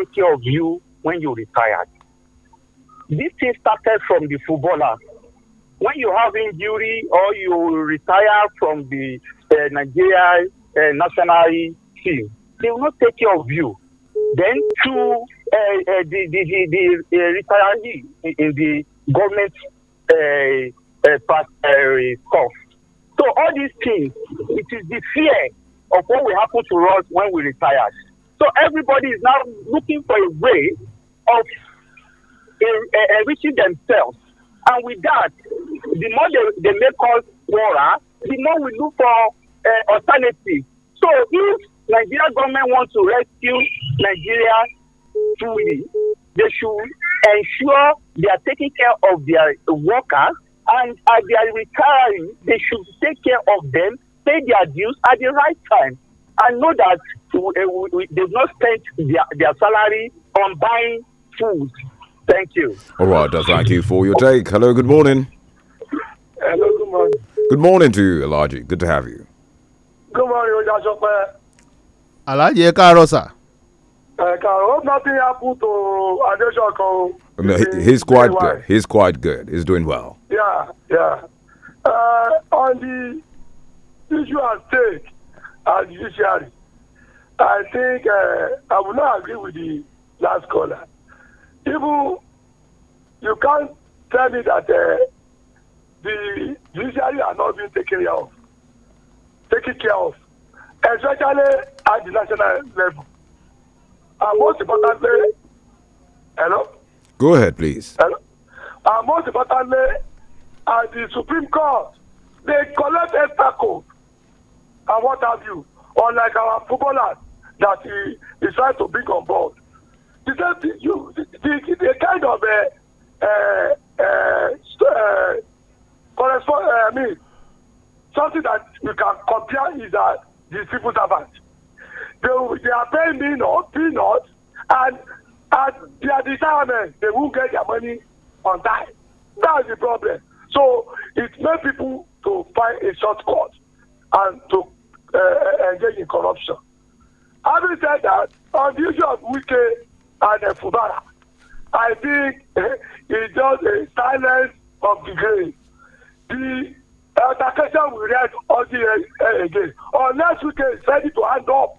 take care of you when you retired. This thing started from the footballer. When you have injury or you retire from the uh, Nigeria uh, national team, they will not take care of you. Then to uh, uh, the the, the, the uh, retiree in, the government uh, uh part, So all these things, it is the fear of what will happen to us when we retire. So everybody is now looking for a way of eh, eh, enriching themselves. And with that, the more they, they make us poorer, the more we look for uh, eh, alternatives. So if Nigeria government wants to rescue Nigeria truly, they should ensure they are taking care of their workers and at their retiring, they should take care of them, pay their dues at the right time. I know that eh, they've not spent their, their salary on buying food. Thank you. All right, thank you for your take. Hello, good morning. Hello, good morning. Good morning to you, Elijah. Good to have you. Good morning, Ojasope. Alaji, Ekaro, sir. hope nothing happened to Adeshoko. No, he's quite good. He's quite good. He's doing well. Yeah, yeah. Uh, on the issue at stake, judiciary. I think uh, I would not agree with the last caller. Even you can't tell me that uh, the judiciary are not being taken care of, taken care of, especially at the national level. And most importantly, hello. Go ahead, please. Hello. And most importantly, at the Supreme Court, they collect a tackle and what have you, unlike our footballers that he, decided to bring on board. The same thing, you, the, the, the kind of uh, uh, uh, uh correspond, uh, I mean, something that you can compare is that the civil servants. They, they are paying peanuts, peanuts and at their retirement, they won't get their money on time. That's the problem. So it makes people to find a shortcut. and to uh, uh, engage in corruption. Having said that, on the issue of Wike and uh, Fubara, I think uh, it's just a silence of the grave. The altercation will rise all the uh, again unless Wike is ready to hand up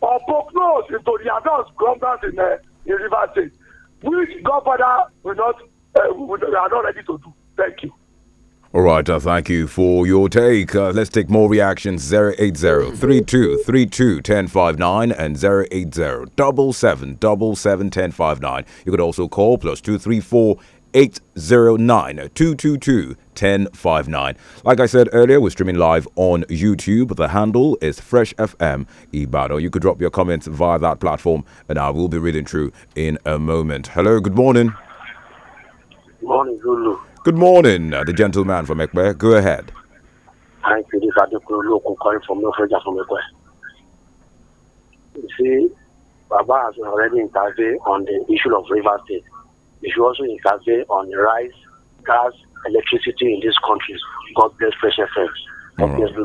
or poke nose into the advanced government in, uh, in River State, which Godfather will not, uh, will, we are not ready to do. Thank you. All right, uh, thank you for your take. Uh, let's take more reactions 080 3232 1059 and 080 777 1059. You could also call plus 234 809 222 1059. Like I said earlier, we're streaming live on YouTube. The handle is Fresh FM Ibado. You could drop your comments via that platform and I will be reading through in a moment. Hello, good morning. Good morning, Zulu. Good morning, uh, the gentleman from Ekwe. Go ahead. Thank you. This is Adekunle calling from Norfolk from Ekwe. You see, Baba has already intervened on the issue of River State. He should also intervene on the rise, gas, electricity in these countries. God bless precious friends. All right.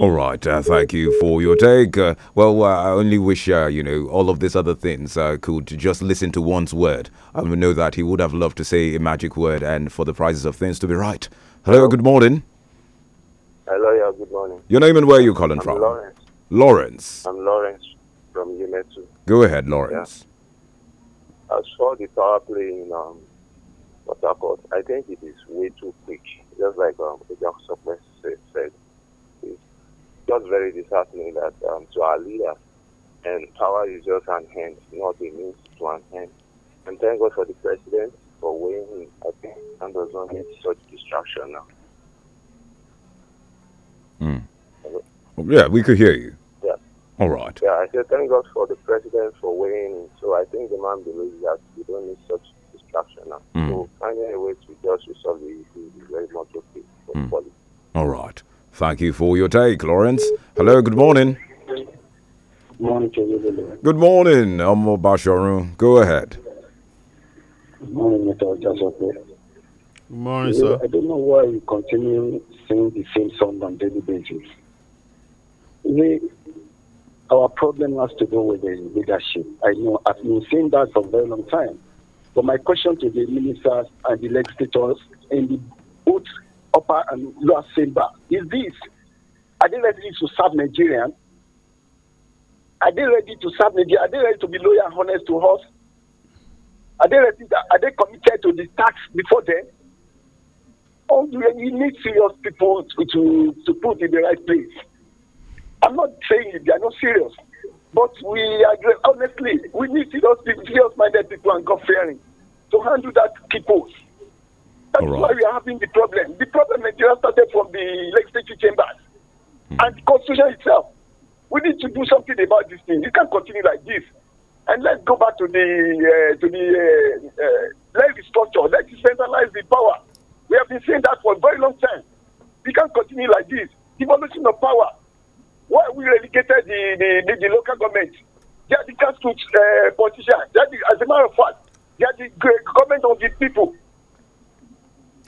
All right. Uh, thank you for your take. Uh, well, uh, I only wish, uh, you know, all of these other things uh, could just listen to one's word. I know that he would have loved to say a magic word and for the prices of things to be right. Hello, Hello. good morning. Hello, yeah, good morning. Your name and where are you calling I'm from? Lawrence. Lawrence. I'm Lawrence from Yemetu. Go ahead, Lawrence. Yeah. As for the power play in um, Port I think it is way too quick. Just like um, Agent Suppress said just very disheartening that um, to our leader and power is just an hand, not a means to an end. And thank God for the president for winning. I think and does not need such distraction now. Mm. Yeah, we could hear you. Yeah. All right. Yeah, I said thank God for the president for winning. So I think the man believes that we don't need such distraction now. Mm. So finding a way to just resolve the issue is very much okay for mm. All right. Thank you for your take, Lawrence. Hello, good morning. Good morning to you, Good morning, Go ahead. Good morning, Mr. Joseph. Good morning, sir. I don't know why you continue singing the same song on daily basis. We, our problem has to do with the leadership. I know I've been saying that for a very long time. But my question to the ministers and the legislators in the both upper and lower chamber is this are they ready to serve Nigerian? are they ready to serve nigeria are they ready to be loyal and honest to us are they ready are they committed to the tax before then oh we need serious people to, to to put in the right place i'm not saying they are not serious but we agree honestly we need serious serious minded people and god fearing to handle that people that's right. why we are having the problem. The problem Nigeria started from the legislative chambers mm. and the constitution itself. We need to do something about this thing. We can't continue like this. And let's go back to the uh, to the uh, uh, let's let's decentralize the power. We have been saying that for a very long time. We can't continue like this. Devolution of power. Why we relegated the, the, the, the local government? They are the grassroots uh, politicians. They are the, as a matter of fact, they are the government of the people.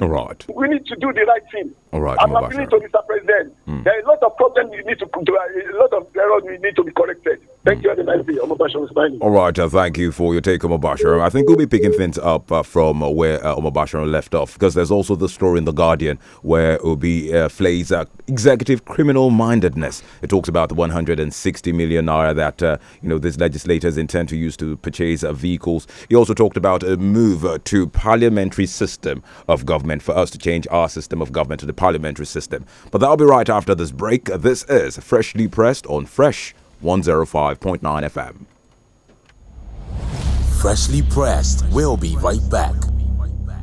All right. We need to do the right thing. All right, I'm appealing to Mr. President. Mm. There are a lot of problems you need to do, uh, a lot of errors you need to be corrected. Thank mm. you, very Omobasha All right, uh, thank you for your take, Omobasha. I think we'll be picking things up uh, from uh, where uh, Omobasha left off because there's also the story in The Guardian where Obi uh, flays uh, executive criminal mindedness. It talks about the 160 million naira that uh, you know these legislators intend to use to purchase uh, vehicles. He also talked about a move to parliamentary system of government for us to change our system of government to the parliamentary system. But that'll be right after this break. This is Freshly Pressed on Fresh 105.9 FM. Freshly Pressed. We'll be right back.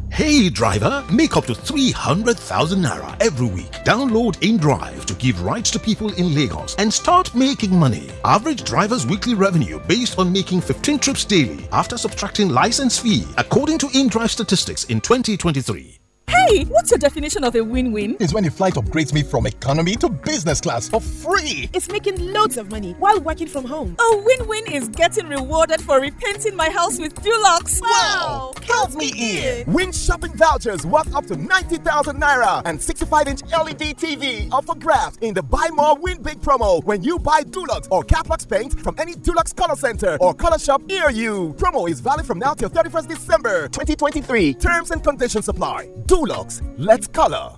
Hey driver, make up to 300,000 naira every week. Download InDrive to give rides to people in Lagos and start making money. Average driver's weekly revenue based on making 15 trips daily after subtracting license fee according to InDrive statistics in 2023. Hey, what's your definition of a win-win? Is when a flight upgrades me from economy to business class for free. It's making loads of money while working from home. A win-win is getting rewarded for repainting my house with Dulux. Wow! wow. Count me in. in. Win shopping vouchers worth up to 90,000 naira and 65-inch LED TV up for grabs in the Buy More Win Big promo when you buy Dulux or Caplux paint from any Dulux color center or color shop near you. Promo is valid from now till 31st December 2023. Terms and conditions apply. Dulux True let's color.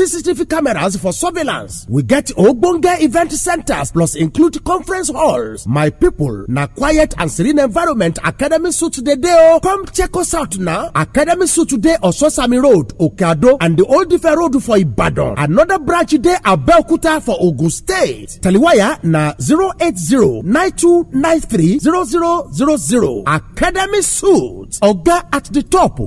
CCTV cameras for surveillance. We get Ogbonge event centers plus include conference halls. My people, na quiet and serene environment Academy Suit today dey o. Come check us out now. Academy Suit today Sosami Road, Okeado and the Old Ife Road for Ibadan. Another branch at Belkuta for Ogun State. Taliwaya na 08092930000. Academy Suit. Oga at the top.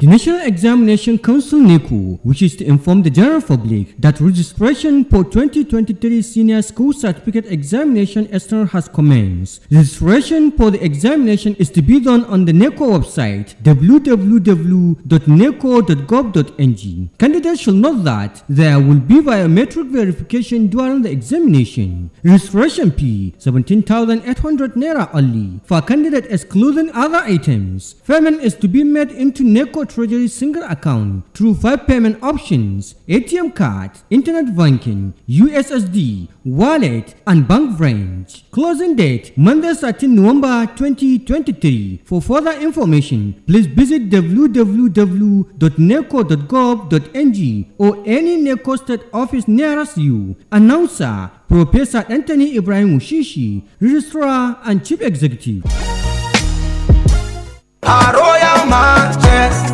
The National Examination Council NECO wishes to inform the general public that registration for 2023 Senior School Certificate Examination External has commenced. Registration for the examination is to be done on the NECO website www.neco.gov.ng. Candidates should note that there will be biometric verification during the examination. Registration fee 17,800 naira only for candidates candidate excluding other items. Payment is to be made into NECO Treasury single account through five payment options, ATM card, internet banking, USSD, wallet, and bank branch. Closing date Monday, 13 November 2023. For further information, please visit www.neco.gov.ng or any NECO state office nearest you. Announcer Professor Anthony Ibrahim Ushishi, Registrar and Chief Executive. A royal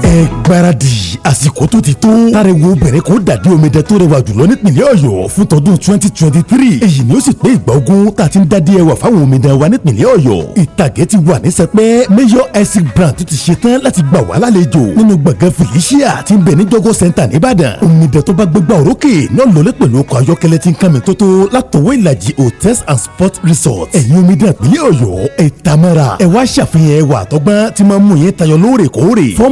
ẹ gbáradì àsìkò tó ti tó tariwo bẹ̀rẹ̀ kó dàdí omidan tó rẹwà jùlọ nípìnlẹ̀ ọ̀yọ́ fún tọdún twenty twenty three èyí ni ó sì pé ìgbà ogún tá a ti ń dá díẹ̀ wà fáwọn omidan wa nípìnlẹ̀ ọ̀yọ́ ìtàgé ti wà ní sẹpẹ́ mayor essex brand tó ti ṣe tán láti gbà wá lálejò nínú gbọ̀ngàn felicia ti ń bẹ ní jọgọ center nìbàdàn omidan tó bá gbégbá òrókè náà lọlé pẹ̀lú ọkọ̀ ayọ́kẹ́lẹ́ ti ń kàmì tótó látọwọ́ and sports resort ẹ̀yin omidan ìpínlẹ̀ ọ̀yọ́ ẹ̀ tamara ẹ̀ wá ṣàfihàn ẹwà àtọ́gbọ́n ti máa mú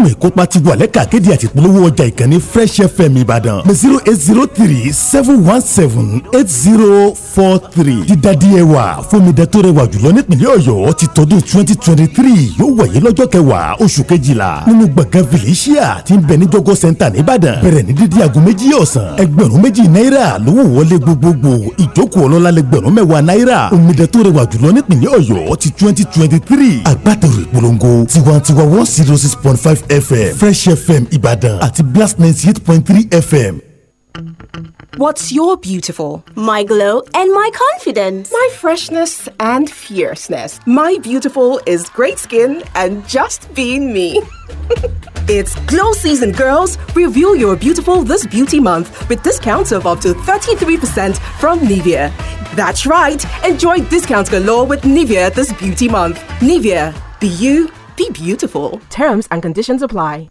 fọ́ọ̀mù ìkópa ti wà lẹ́ka akéde àti ìpolówó ọjà ìkànnì fresh fm ìbàdàn ní zero eight zero three seven one seven eight zero four three dídádì ẹwà fúnmidà tó rẹwà jùlọ nípìnlẹ̀ ọ̀yọ́ ti tọdún twenty twenty three yóò wáyé lọ́jọ́ kẹwàá oṣù kejìlá nínú gbọ̀ngàn felicia ti ń bẹ ní jọgọ́ center nìbàdàn bẹ̀rẹ̀ ní dídí aago méjì ọ̀sán ẹgbẹ̀rún méjì náírà lówó wọlé gbogbogbò ìjókòó ọlọ́lá lẹgbẹ̀rún mẹ́wàá náírà omidan tó rẹwà jùlọ nípìnlẹ̀ ọ̀yọ́ ti twenty twenty three agbátẹrù ìpolongo tiwantiwa one zero six point five fm fresh fm ìbàdàn àti blast ninety eight point three fm. What's your beautiful? My glow and my confidence. My freshness and fierceness. My beautiful is great skin and just being me. it's glow season, girls. Review your beautiful this beauty month with discounts of up to 33% from Nivea. That's right. Enjoy discounts galore with Nivea this beauty month. Nivea, be you, be beautiful. Terms and conditions apply.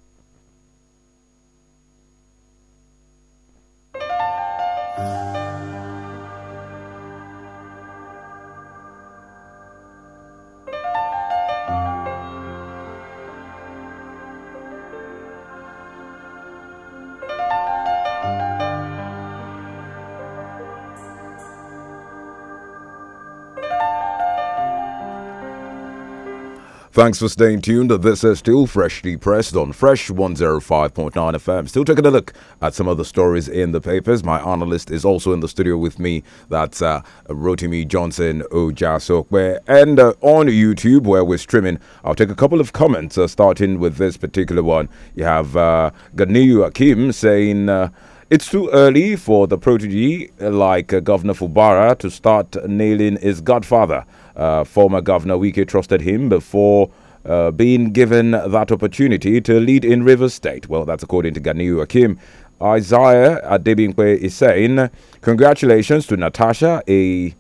Thanks for staying tuned. This is still freshly pressed on Fresh 105.9 FM. Still taking a look at some of the stories in the papers. My analyst is also in the studio with me. That's uh, Rotimi Johnson Ojasokwe. And uh, on YouTube, where we're streaming, I'll take a couple of comments, uh, starting with this particular one. You have uh, Ganiyu Akim saying. Uh, it's too early for the protege like uh, Governor Fubara to start nailing his godfather. Uh, former Governor Wike trusted him before. Uh, being given that opportunity to lead in Rivers State. Well, that's according to Ganiu Akim. Isaiah Adebinkwe is saying, Congratulations to Natasha, a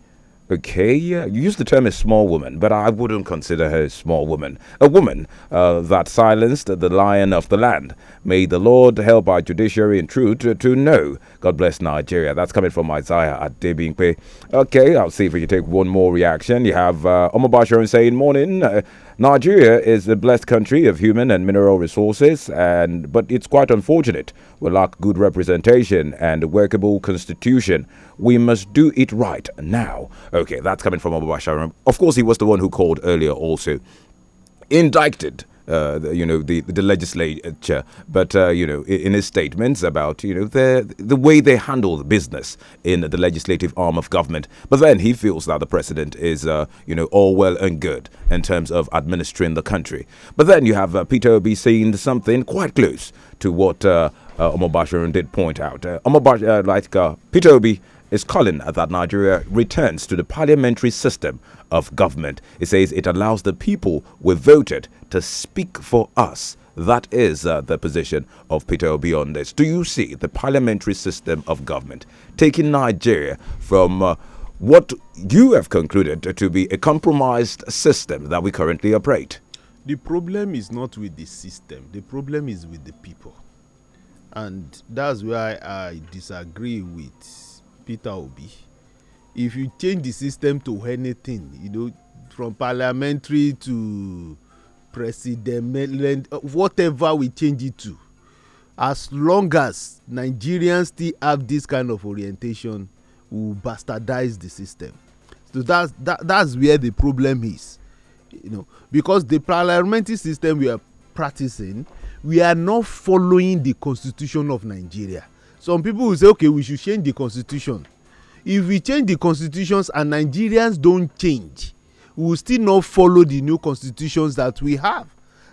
Okay, yeah. You use the term a small woman, but I wouldn't consider her a small woman. A woman uh, that silenced the lion of the land. May the Lord help our judiciary and truth to, to know. God bless Nigeria. That's coming from Isaiah at Debingpe. Okay, I'll see if we can take one more reaction. You have uh, Omobashirin saying, Morning. Uh, Nigeria is a blessed country of human and mineral resources, and but it's quite unfortunate we lack good representation and a workable constitution. We must do it right now. Okay, that's coming from Abubakar. Of course, he was the one who called earlier also. Indicted uh, you know the, the legislature, but uh, you know in, in his statements about you know the the way they handle the business in the legislative arm of government. But then he feels that the president is uh, you know all well and good in terms of administering the country. But then you have uh, Peter Obi saying something quite close to what uh, uh Omobasharon did point out. Uh, like Peter Obi is calling that Nigeria returns to the parliamentary system of government. It says it allows the people we voted to speak for us. That is uh, the position of Peter Obi on this. Do you see the parliamentary system of government taking Nigeria from uh, what you have concluded to be a compromised system that we currently operate? The problem is not with the system, the problem is with the people. And that's why I disagree with Peter Obi if you change the system to anything you know from parliamentary to president whatever we change it to as long as nigerians still have this kind of orientation we will bastardize the system so that's that, that's where the problem is you know because the parliamentary system we are practicing we are not following the constitution of nigeria some people will say okay we should change the constitution if we change the constitutions and nigerians don't change we will still not follow the new constitutions that we have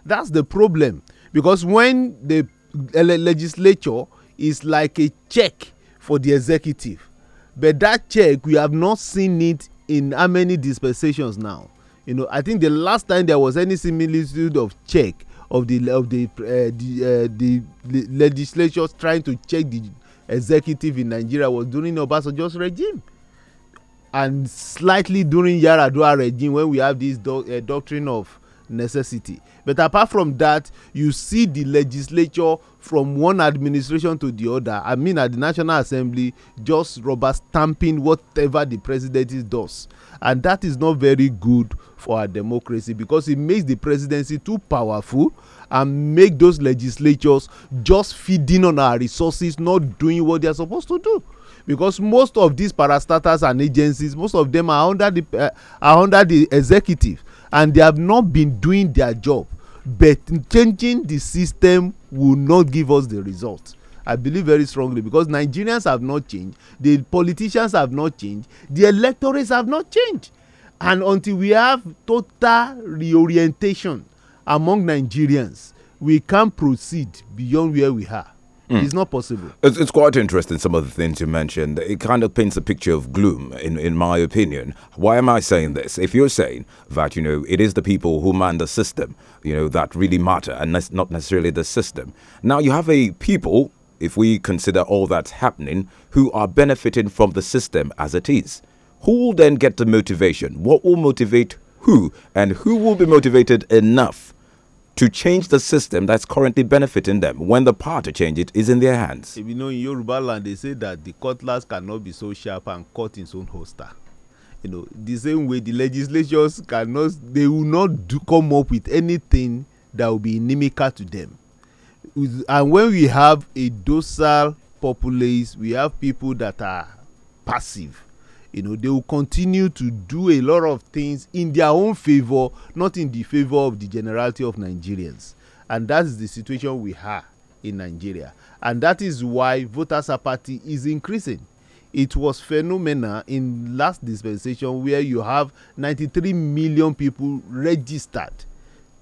that's the problem because when the eh, legislature is like a check for the executive but that check we have not seen it in how many dispensations now you know i think the last time there was any similitude of check of the of the uh, the, uh, the legislatures trying to check the executive in Nigeria was during Obasanjo's regime and slightly during Yaradua regime when we have this do uh, doctrine of necessity. But apart from that, you see the legislature from one administration to the other. I mean, at the National Assembly, just rubber stamping whatever the president does. And that is not very good for our democracy because it makes the presidency too powerful and make those legislatures just feeding on our resources not doing what they are supposed to do because most of these parastatals and agencies most of them are under the uh, are under the executive and they have not been doing their job but changing the system will not give us the result i believe very strongly because nigerians have not changed the politicians have not changed the electorates have not changed and until we have total reorientation among Nigerians, we can't proceed beyond where we are. Mm. It's not possible. It's, it's, quite interesting, some of the things you mentioned. It kind of paints a picture of gloom, in, in my opinion. Why am I saying this? If you're saying that, you know, it is the people who man the system, you know, that really matter and not necessarily the system. Now, you have a people, if we consider all that's happening, who are benefiting from the system as it is. Who will then get the motivation? What will motivate who? And who will be motivated enough to change the system that's currently benefiting them when the power to change it is in their hands. If you know, in Yoruba land, they say that the cutlass cannot be so sharp and cut its own holster. You know, the same way the legislatures cannot, they will not do, come up with anything that will be inimical to them. and when we have a docile populace, we have people that are passive you know they will continue to do a lot of things in their own favor not in the favor of the generality of nigerians and that is the situation we have in nigeria and that is why voters apathy is increasing it was phenomenal in last dispensation where you have 93 million people registered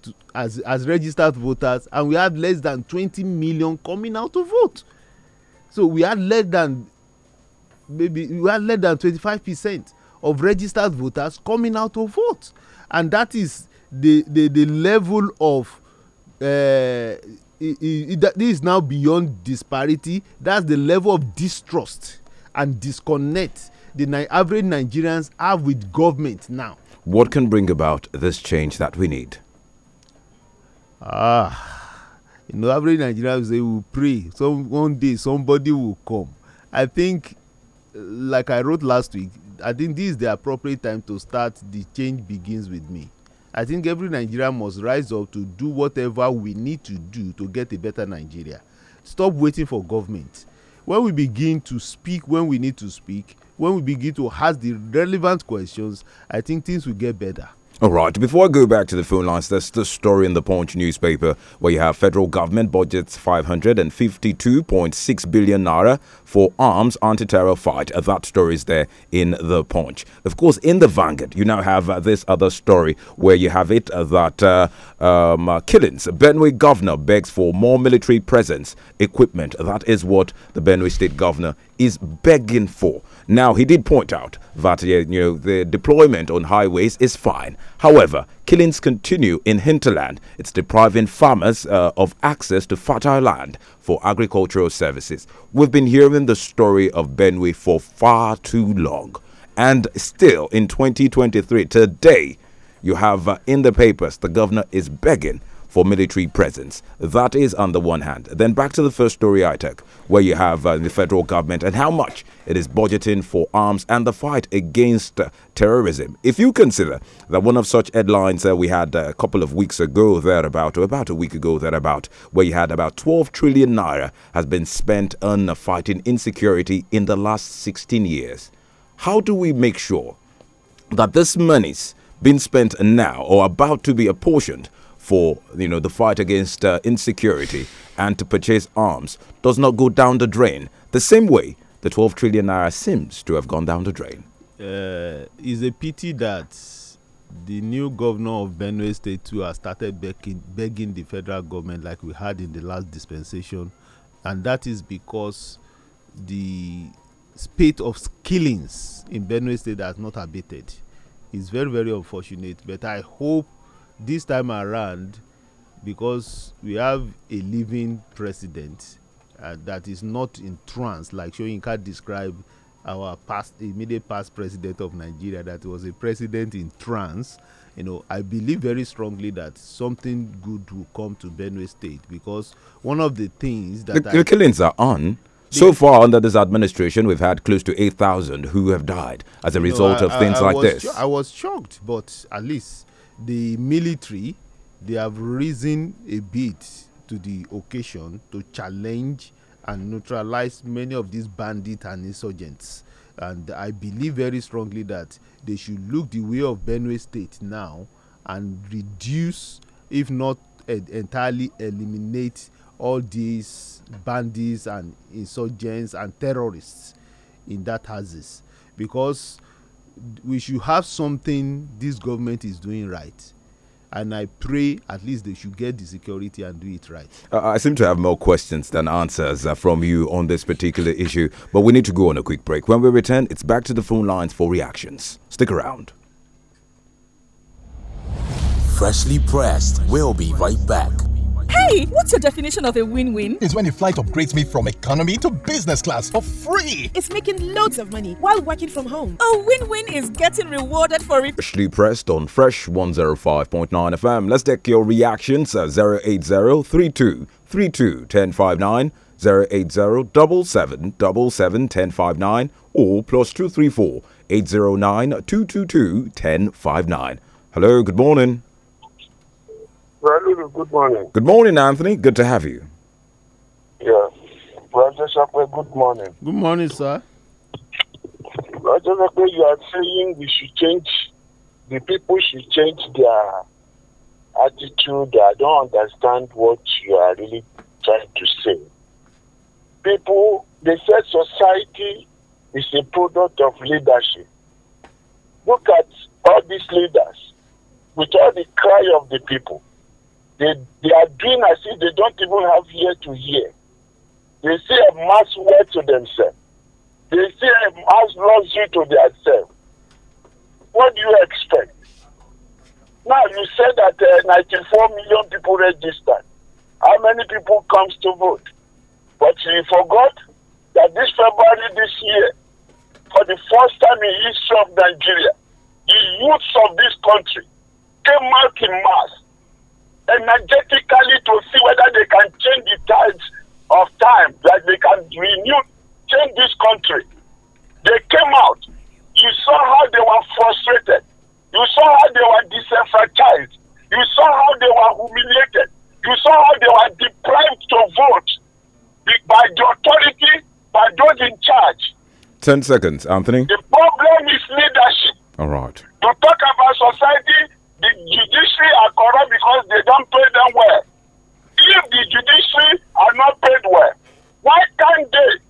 to, as as registered voters and we have less than 20 million coming out to vote so we had less than maybe we had less than 25 percent of registered voters coming out to vote and that is the the the level of uh, it, it, it, this is now beyond disparity that's the level of distrust and disconnect the Ni average nigerians have with government now. what can bring about this change that we need. ah you know average nigerians they will pray some one day somebody will come i think like I wrote last week, I think this is the appropriate time to start the change begins with me. I think every Nigerian must rise up to do whatever we need to do to get a better Nigeria. Stop waiting for government. When we begin to speak when we need to speak, when we begin to ask the relevant questions, I think things will get better. All right, before I go back to the phone lines, there's the story in the Punch newspaper where you have federal government budgets 552.6 billion naira for arms anti-terror fight. Uh, that story is there in the Punch. Of course, in the Vanguard, you now have uh, this other story where you have it uh, that uh, um, uh, Killings, Benue governor begs for more military presence equipment. That is what the Benue state governor is begging for. Now, he did point out that you know, the deployment on highways is fine. However, killings continue in hinterland. It's depriving farmers uh, of access to fertile land for agricultural services. We've been hearing the story of Benue for far too long. And still, in 2023, today, you have uh, in the papers, the governor is begging for military presence. That is on the one hand. Then back to the first story I took, where you have uh, the federal government and how much it is budgeting for arms and the fight against uh, terrorism. If you consider that one of such headlines that uh, we had uh, a couple of weeks ago, thereabout, or about a week ago, thereabout, where you had about 12 trillion naira has been spent on uh, fighting insecurity in the last 16 years. How do we make sure that this money's been spent now or about to be apportioned for you know the fight against uh, insecurity and to purchase arms does not go down the drain the same way the 12 trillion naira seems to have gone down the drain. Uh, it's a pity that the new governor of Benue State too has started begging, begging the federal government like we had in the last dispensation, and that is because the spate of killings in Benue State has not abated. It's very very unfortunate, but I hope this time around because we have a living president uh, that is not in trance like Shoyinka described our past immediate past president of Nigeria that was a president in trance you know I believe very strongly that something good will come to Benue state because one of the things that the, the killings are on so far under this administration, we've had close to 8,000 who have died as a result know, I, of things I, I like this. I was shocked, but at least The military, they have risen a bit to the occasion to challenge and neutralize many of these bandits and insurgents. And I believe very strongly that they should look the way of Benue State now and reduce, if not entirely eliminate, all these bandits and insurgents and terrorists in that houses, Because we should have something this government is doing right and I pray at least they should get the security and do it right. Uh, I seem to have more questions than answers uh, from you on this particular issue, but we need to go on a quick break. When we return, it's back to the phone lines for reactions. Stick around. Freshly pressed. We'll be right back. Hey, what's your definition of a win win? It's when a flight upgrades me from economy to business class for free. It's making loads of money while working from home. A win win is getting rewarded for it. Freshly pressed on Fresh 105.9 FM. Let's take your reactions at 08032 80 or plus 234-809-222-1059. Hello, good morning good morning. Good morning, Anthony. Good to have you. Yeah. Shakwe, good morning. Good morning, sir. Shakwe, you are saying we should change, the people should change their attitude. I don't understand what you are really trying to say. People, they said society is a product of leadership. Look at all these leaders with all the cry of the people. They, they are doing as if they don't even have year to hear. They say a mass word to themselves. They say a mass luxury to themselves. What do you expect? Now you said that uh, 94 million people registered. How many people comes to vote? But you forgot that this February this year, for the first time in history of Nigeria, the youths of this country came out in mass energetically to see whether they can change the tides of time, that they can renew, change this country. They came out. You saw how they were frustrated. You saw how they were disenfranchised. You saw how they were humiliated. You saw how they were deprived to vote by the authority, by those in charge. 10 seconds, Anthony. The problem is leadership. All right. To talk about society, the judiciary are corrupt because they don't pay them well. If the judiciary are not paid well, why can't they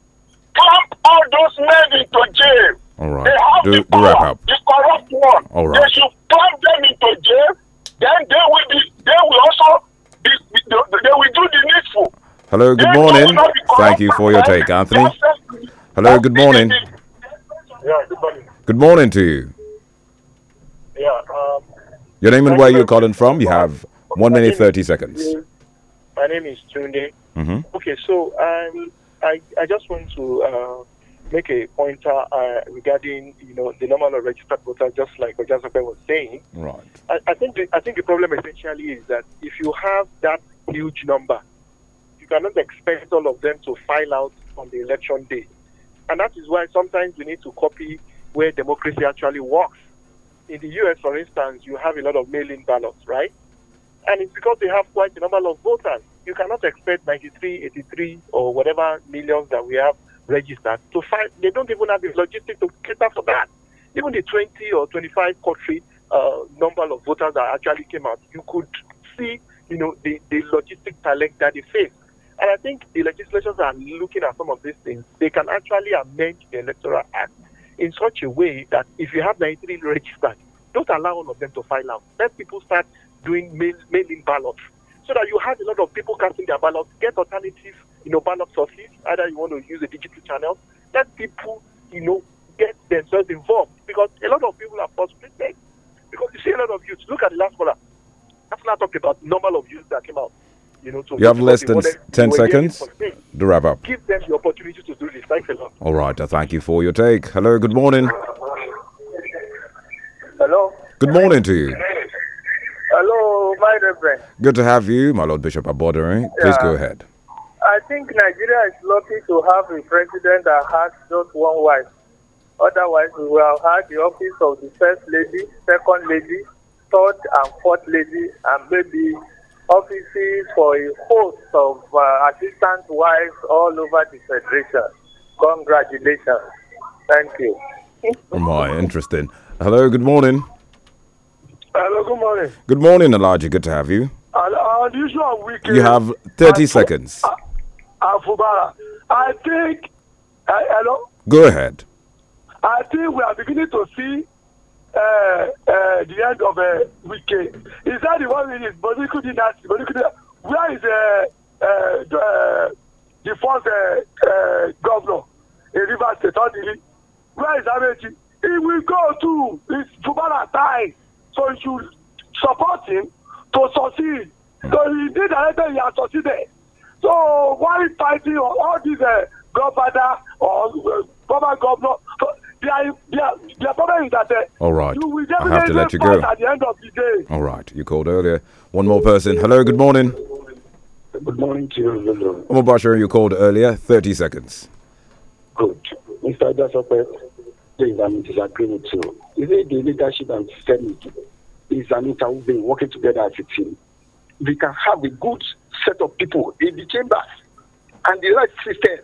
clamp all those men into jail? All right. They have do, the, power, wrap the corrupt one. All right. They should clamp them into jail. Then they will be. They will also. Be, they will do the needful. Hello. Good they morning. Thank you for your take, Anthony. Hello. Good morning. Yeah, good morning. Good morning to you. Yeah. Um, your name and where you're calling from. You have one minute, 30 seconds. My name is Tunde. Mm-hmm. Okay, so um, I, I just want to uh, make a pointer uh, regarding you know the normal of registered voters. just like Ojasope was saying. Right. I, I think the, I think the problem essentially is that if you have that huge number, you cannot expect all of them to file out on the election day, and that is why sometimes we need to copy where democracy actually works in the US, for instance, you have a lot of mail in ballots, right? And it's because they have quite a number of voters. You cannot expect 93, 83, or whatever millions that we have registered to find, they don't even have the logistics to cater for that. Even the 20 or 25 country uh, number of voters that actually came out, you could see, you know, the, the logistic challenge that they face. And I think the legislators are looking at some of these things. They can actually amend the Electoral Act in such a way that if you have 93 registered, don't allow all of them to file out. Let people start doing mail, in ballots so that you have a lot of people casting their ballots. Get alternative, you know, ballot sources. Either you want to use a digital channel. Let people, you know, get themselves involved because a lot of people are frustrated because you see a lot of youth. Look at the last caller. That's not talking about number of youth that came out. You know, you have less than 10 seconds wrap up. Give them the opportunity to do this. Thanks a lot. All right. thank you for your take. Hello. Good morning. Hello. Good morning to you. Hello, my reverend. Good to have you, my Lord Bishop Abodere. Eh? Please yeah. go ahead. I think Nigeria is lucky to have a president that has just one wife. Otherwise, we will have had the office of the first lady, second lady, third and fourth lady, and maybe offices for a host of uh, assistant wives all over the Federation. Congratulations. Thank you. My, interesting. Hello, good morning. Hello, good morning. Good morning, Elijah. Good to have you. Uh, this one you have 30 seconds. Uh, uh I think. Uh, hello? Go ahead. I think we are beginning to see uh, uh, the end of a eh, weekend. Is that the one we could political dynasty? Political dynasty? Where is uh, the, the first governor in River State? Where is Amechi? He will go to his Jubala time. So you should support him to succeed. So he did anything he has succeeded. So why fighting on all these uh, governor or uh, former governor? that uh, all right you will i have to let you go at the end of the day all right you called earlier one more person hello good morning good morning to you sure you called earlier 30 seconds good mr Dasope, things i'm disagreeing with you is it the leadership and systemic is an been working together as a team we can have a good set of people in the chambers and the right system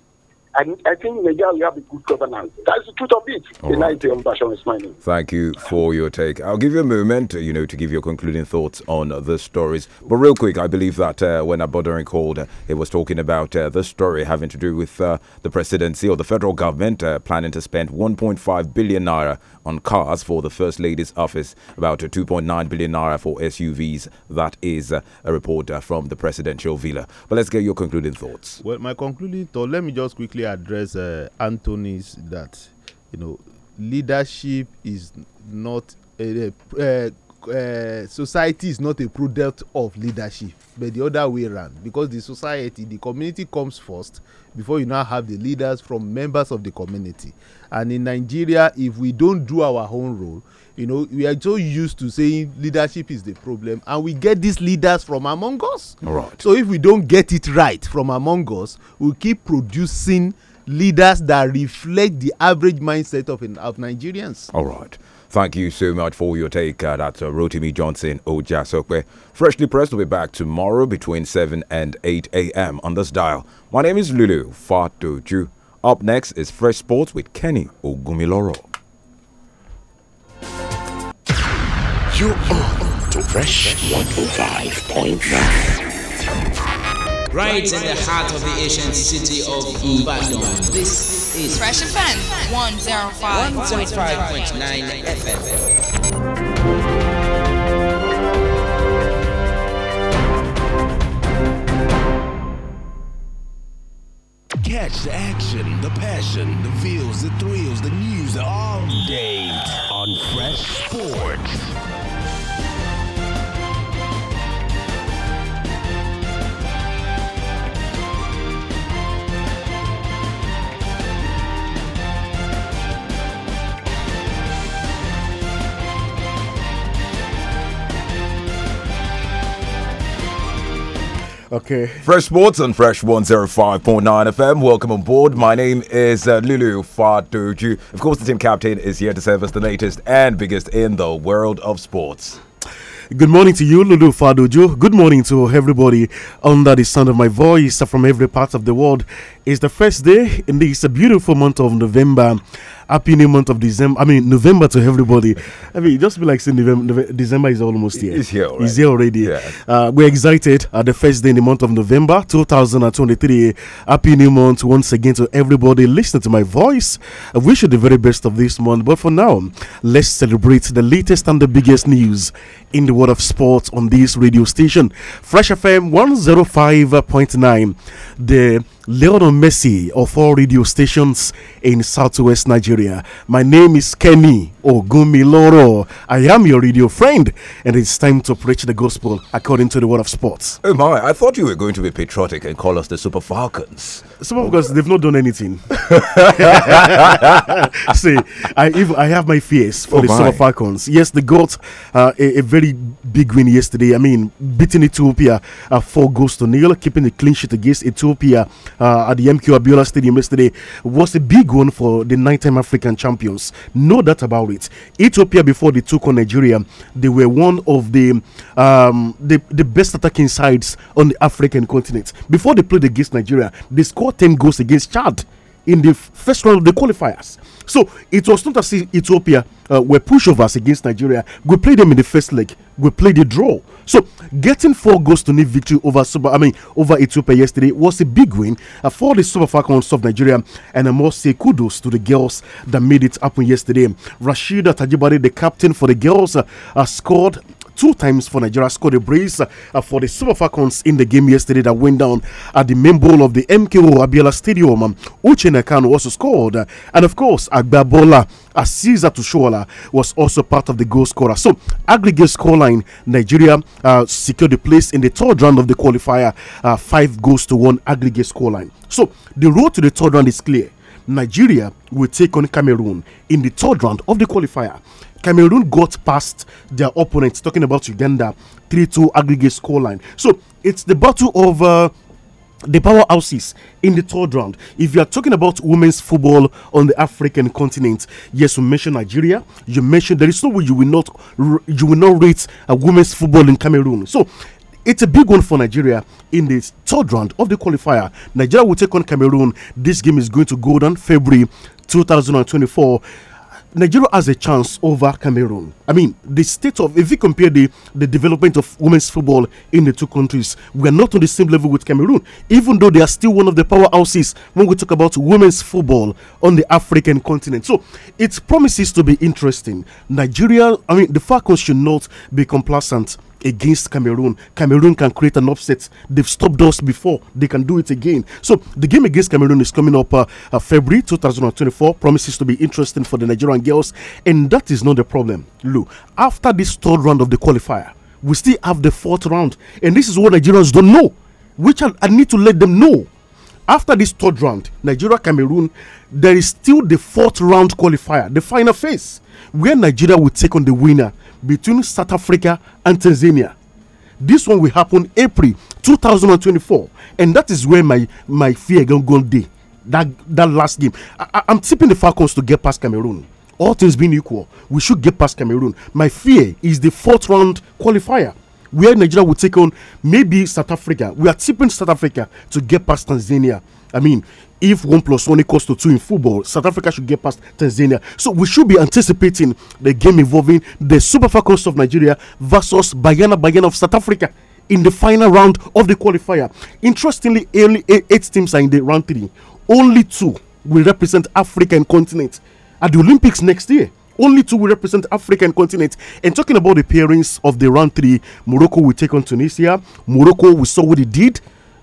I, I think Nigeria will have a good governance. That's the truth of it. All right. Basham is mining. Thank you for your take. I'll give you a moment, uh, you know, to give your concluding thoughts on uh, the stories. But real quick, I believe that uh, when Abodering called, it uh, was talking about uh, the story having to do with uh, the presidency or the federal government planning to spend 1.5 billion naira on cars for the First Lady's office, about 2.9 billion naira for SUVs. That is uh, a report uh, from the presidential villa. But let's get your concluding thoughts. Well, my concluding thought, let me just quickly address uh, Anthony's that, you know, leadership is not uh, uh, uh, society is not a product of leadership but the other way around because the society the community comes first before you now have the leaders from members of the community and in nigeria if we don't do our own role you know we are so used to saying leadership is the problem and we get these leaders from among us right so if we don't get it right from among us we we'll keep producing leaders that reflect the average mindset of, of nigerians all right Thank you so much for your take. Uh, that's uh, Rotimi Johnson Ojasope. Freshly pressed will be back tomorrow between 7 and 8 a.m. on this dial. My name is Lulu Fatoju. Up next is Fresh Sports with Kenny Ogumiloro. You are on to Fresh 105.9 right in the heart of the ancient city of Ibadan. This is Fresh FM 105.9 FM. Catch the action, the passion, the feels, the thrills, the news all day on Fresh Sports. Okay. Fresh Sports on Fresh 105.9 FM. Welcome on board. My name is uh, Lulu Fadoju. Of course, the team captain is here to serve us the latest and biggest in the world of sports. Good morning to you, Lulu Fadoju. Good morning to everybody under the sound of my voice from every part of the world. It's the first day in this beautiful month of November happy new month of December. I mean, November to everybody. I mean, just be like saying November, December is almost here. It's here already. It's here already. Yeah. Uh, we're excited at the first day in the month of November 2023. Happy new month once again to everybody listening to my voice. I wish you the very best of this month. But for now, let's celebrate the latest and the biggest news in the world of sports on this radio station. Fresh FM 105.9. The Leon Messi of all radio stations in southwest Nigeria. My name is Kenny Loro, I am your radio friend, and it's time to preach the gospel according to the word of sports. Oh my, I thought you were going to be patriotic and call us the Super Falcons. Super Falcons, they've not done anything. See, I even I have my fears for oh the my. Super Falcons. Yes, they got uh, a, a, very big win yesterday. I mean, beating Ethiopia uh, four goals to nil, keeping the clean sheet against Ethiopia uh, at the MQ Abiola Stadium yesterday was a big one for the nine-time African champions. No doubt about it summit. Ethiopia before they took on Nigeria, they were one of the um, the, the best attacking sides on the African continent. Before they played against Nigeria, they scored 10 goals against Chad in the first round of the qualifiers. So it was not as if Ethiopia uh, were pushovers against Nigeria. We played them in the first leg. We played a draw. So getting four goals to nil victory over Super, I mean over Ethiopia yesterday was a big win uh, for the Super Falcons of Nigeria, and I must say kudos to the girls that made it happen yesterday. Rashida Tajibari, the captain for the girls, uh, uh scored two times for Nigeria, scored a brace uh, for the Super Falcons in the game yesterday that went down at the main bowl of the MKO Abiola Stadium. Um, Uche Nakano also scored, uh, and of course, Agbabola Aziza Tushola was also part of the goal scorer. So, aggregate scoreline Nigeria uh, secured the place in the third round of the qualifier, uh, five goals to one aggregate scoreline. So, the road to the third round is clear. Nigeria will take on Cameroon in the third round of the qualifier. Cameroon got past their opponents, talking about Uganda, 3 2 aggregate scoreline. So it's the battle of. Uh, the powerhouses in the third round. If you are talking about women's football on the African continent, yes, you mentioned Nigeria. You mentioned there is no way you will not you will not rate a women's football in Cameroon. So it's a big one for Nigeria in the third round of the qualifier. Nigeria will take on Cameroon. This game is going to go down February 2024. Nigeria has a chance over Cameroon. I mean, the state of, if we compare the, the development of women's football in the two countries, we are not on the same level with Cameroon, even though they are still one of the powerhouses when we talk about women's football on the African continent. So it promises to be interesting. Nigeria, I mean, the Falcons should not be complacent against Cameroon. Cameroon can create an offset. They've stopped us before. They can do it again. So the game against Cameroon is coming up uh, uh, February 2024. Promises to be interesting for the Nigerian girls, and that is not the problem. Lou, after this third round of the qualifier, we still have the fourth round, and this is what Nigerians don't know, which I, I need to let them know. After this third round, Nigeria Cameroon, there is still the fourth round qualifier, the final phase, where Nigeria will take on the winner between South Africa and Tanzania. This one will happen April 2024, and that is where my my fear gone gone day. That that last game, I, am tipping the Falcons to get past Cameroon. All things being equal, we should get past Cameroon. My fear is the fourth round qualifier where Nigeria will take on maybe South Africa. We are tipping South Africa to get past Tanzania. I mean, if one plus one equals to two in football, South Africa should get past Tanzania. So we should be anticipating the game involving the Super Falcons of Nigeria versus Bayana Bayana of South Africa in the final round of the qualifier. Interestingly, only eight teams are in the round three. Only two will represent African continent at the Olympics next year only two will represent African continent. And talking about the pairings of the round three, Morocco will take on Tunisia. Morocco, we saw what they did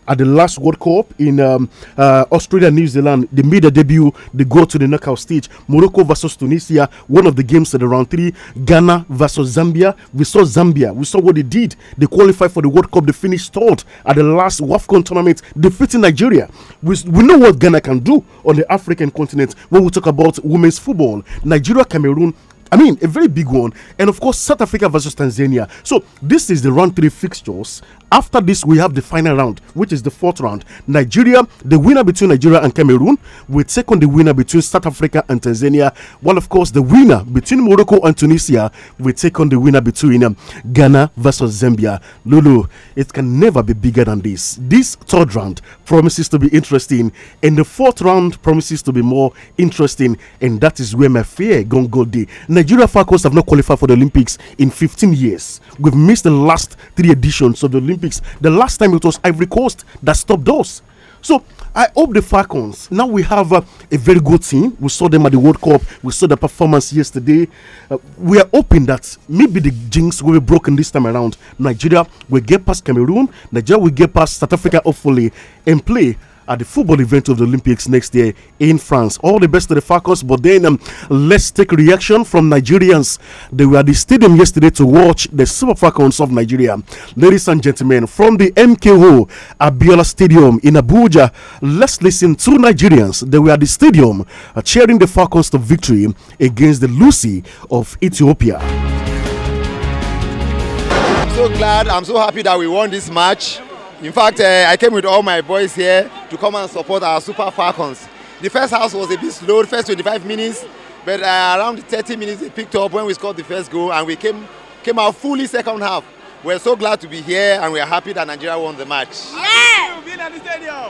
at the last World Cup in um, uh, Australia, New Zealand. They made a debut. They go to the knockout stage. Morocco versus Tunisia, one of the games at the round three. Ghana versus Zambia. We saw Zambia. We saw what they did. They qualified for the World Cup. They finished third at the last WAFCON tournament, defeating Nigeria. We, we know what Ghana can do on the African continent when we talk about women's football. Nigeria, Cameroon, I mean, a very big one. And of course, South Africa versus Tanzania. So, this is the round three fixtures after this, we have the final round, which is the fourth round. Nigeria, the winner between Nigeria and Cameroon, will take on the winner between South Africa and Tanzania. While, of course, the winner between Morocco and Tunisia will take on the winner between um, Ghana versus Zambia. Lulu, it can never be bigger than this. This third round promises to be interesting, and the fourth round promises to be more interesting, and that is where my fear gone gold day. Nigeria Falcons have not qualified for the Olympics in 15 years. We've missed the last three editions of the Olympics. Olympics. The last time it was Ivory Coast that stopped us. So I hope the Falcons. Now we have uh, a very good team. We saw them at the World Cup. We saw the performance yesterday. Uh, we are hoping that maybe the jinx will be broken this time around. Nigeria will get past Cameroon. Nigeria will get past South Africa, hopefully, and play at the football event of the Olympics next year in France. All the best to the Falcons, but then um, let's take reaction from Nigerians. They were at the stadium yesterday to watch the Super Falcons of Nigeria. Ladies and gentlemen, from the MKO Abiola Stadium in Abuja, let's listen to Nigerians. They were at the stadium uh, cheering the Falcons to victory against the Lucy of Ethiopia. I'm so glad, I'm so happy that we won this match. In fact, uh, I came with all my boys here to come and support our Super Falcons. The first house was a bit slow, the first 25 minutes, but uh, around 30 minutes they picked up when we scored the first goal and we came, came out fully second half. We're so glad to be here and we're happy that Nigeria won the match. Yeah!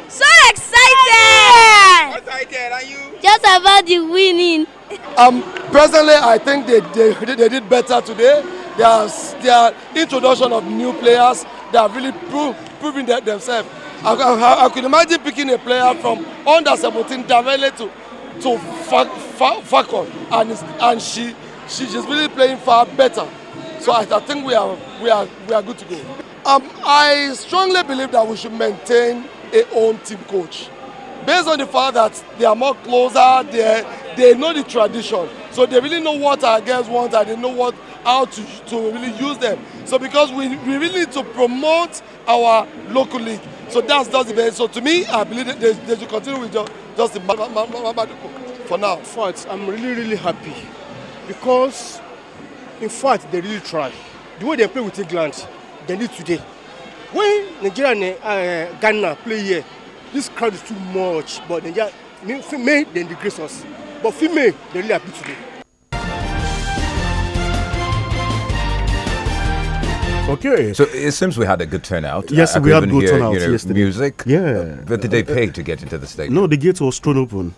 So excited! Excited, are you? Just about the winning. um, personally, I think they, they, they did better today. Their, their introduction of new players, they have really pro- proven that themselves. I, I, I could imagine picking a player from under 17 Davele to, to Falcon, fa- fa- and, and she, she, she's really playing far better. So I, I think we are, we, are, we are good to go. Um, I strongly believe that we should maintain a own team coach. Based on the fact that they are more closer, they, they know the tradition. So they really know what our girls want and they know what how to, to really use them. So because we, we really need to promote our local league. So that's that's the best. So to me, I believe they, they should continue with just, just the for now. For it, I'm really, really happy because In fact, they really try. The way they play with England, they need today. When Nigeria and uh, Ghana play here, this crowd is too much, but Nigeria, female, they degrade us. But female, they really happy today. Okay. So it seems we had a good turnout. Yes, I uh, we had good hear, turnout you know, yesterday. Music. Yeah. But did they pay to get into the stadium? No, the gates were thrown open.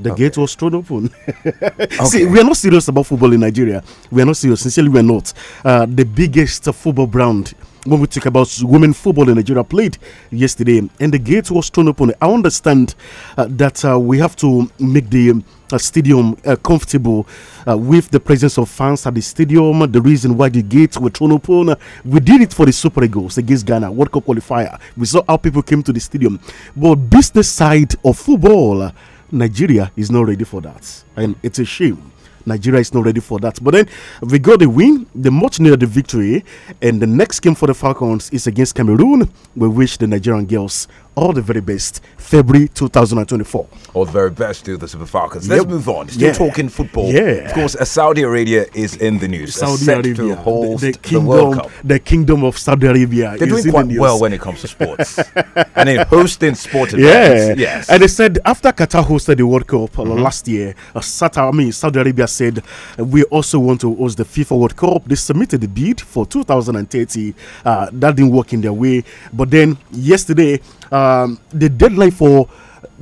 The okay. gate was thrown open. okay. See, we are not serious about football in Nigeria. We are not serious. Sincerely, we are not. Uh, the biggest football brand when we talk about women football in Nigeria played yesterday, and the gate was thrown open. I understand uh, that uh, we have to make the uh, stadium uh, comfortable uh, with the presence of fans at the stadium. The reason why the gates were thrown open, we did it for the Super Eagles against Ghana World Cup qualifier. We saw how people came to the stadium, but business side of football Nigeria is not ready for that. And it's a shame. Nigeria is not ready for that. But then we got the win, the much needed victory, and the next game for the Falcons is against Cameroon. We wish the Nigerian girls all the very best. February 2024. All the very best to the Super Falcons. Let's yep. move on. Still yeah. talking football. Yeah. Of course, uh, Saudi Arabia is in the news. Saudi set Arabia. To host the, the kingdom, the, the, kingdom of Saudi Arabia. They're doing quite well when it comes to sports. and in hosting sports events. Yeah. Yes. And they said after Qatar hosted the World Cup mm -hmm. last year, uh, Saudi, I mean, Saudi Arabia said uh, we also want to host the FIFA World Cup. They submitted the bid for 2030. Uh, that didn't work in their way. But then yesterday, um, the deadline for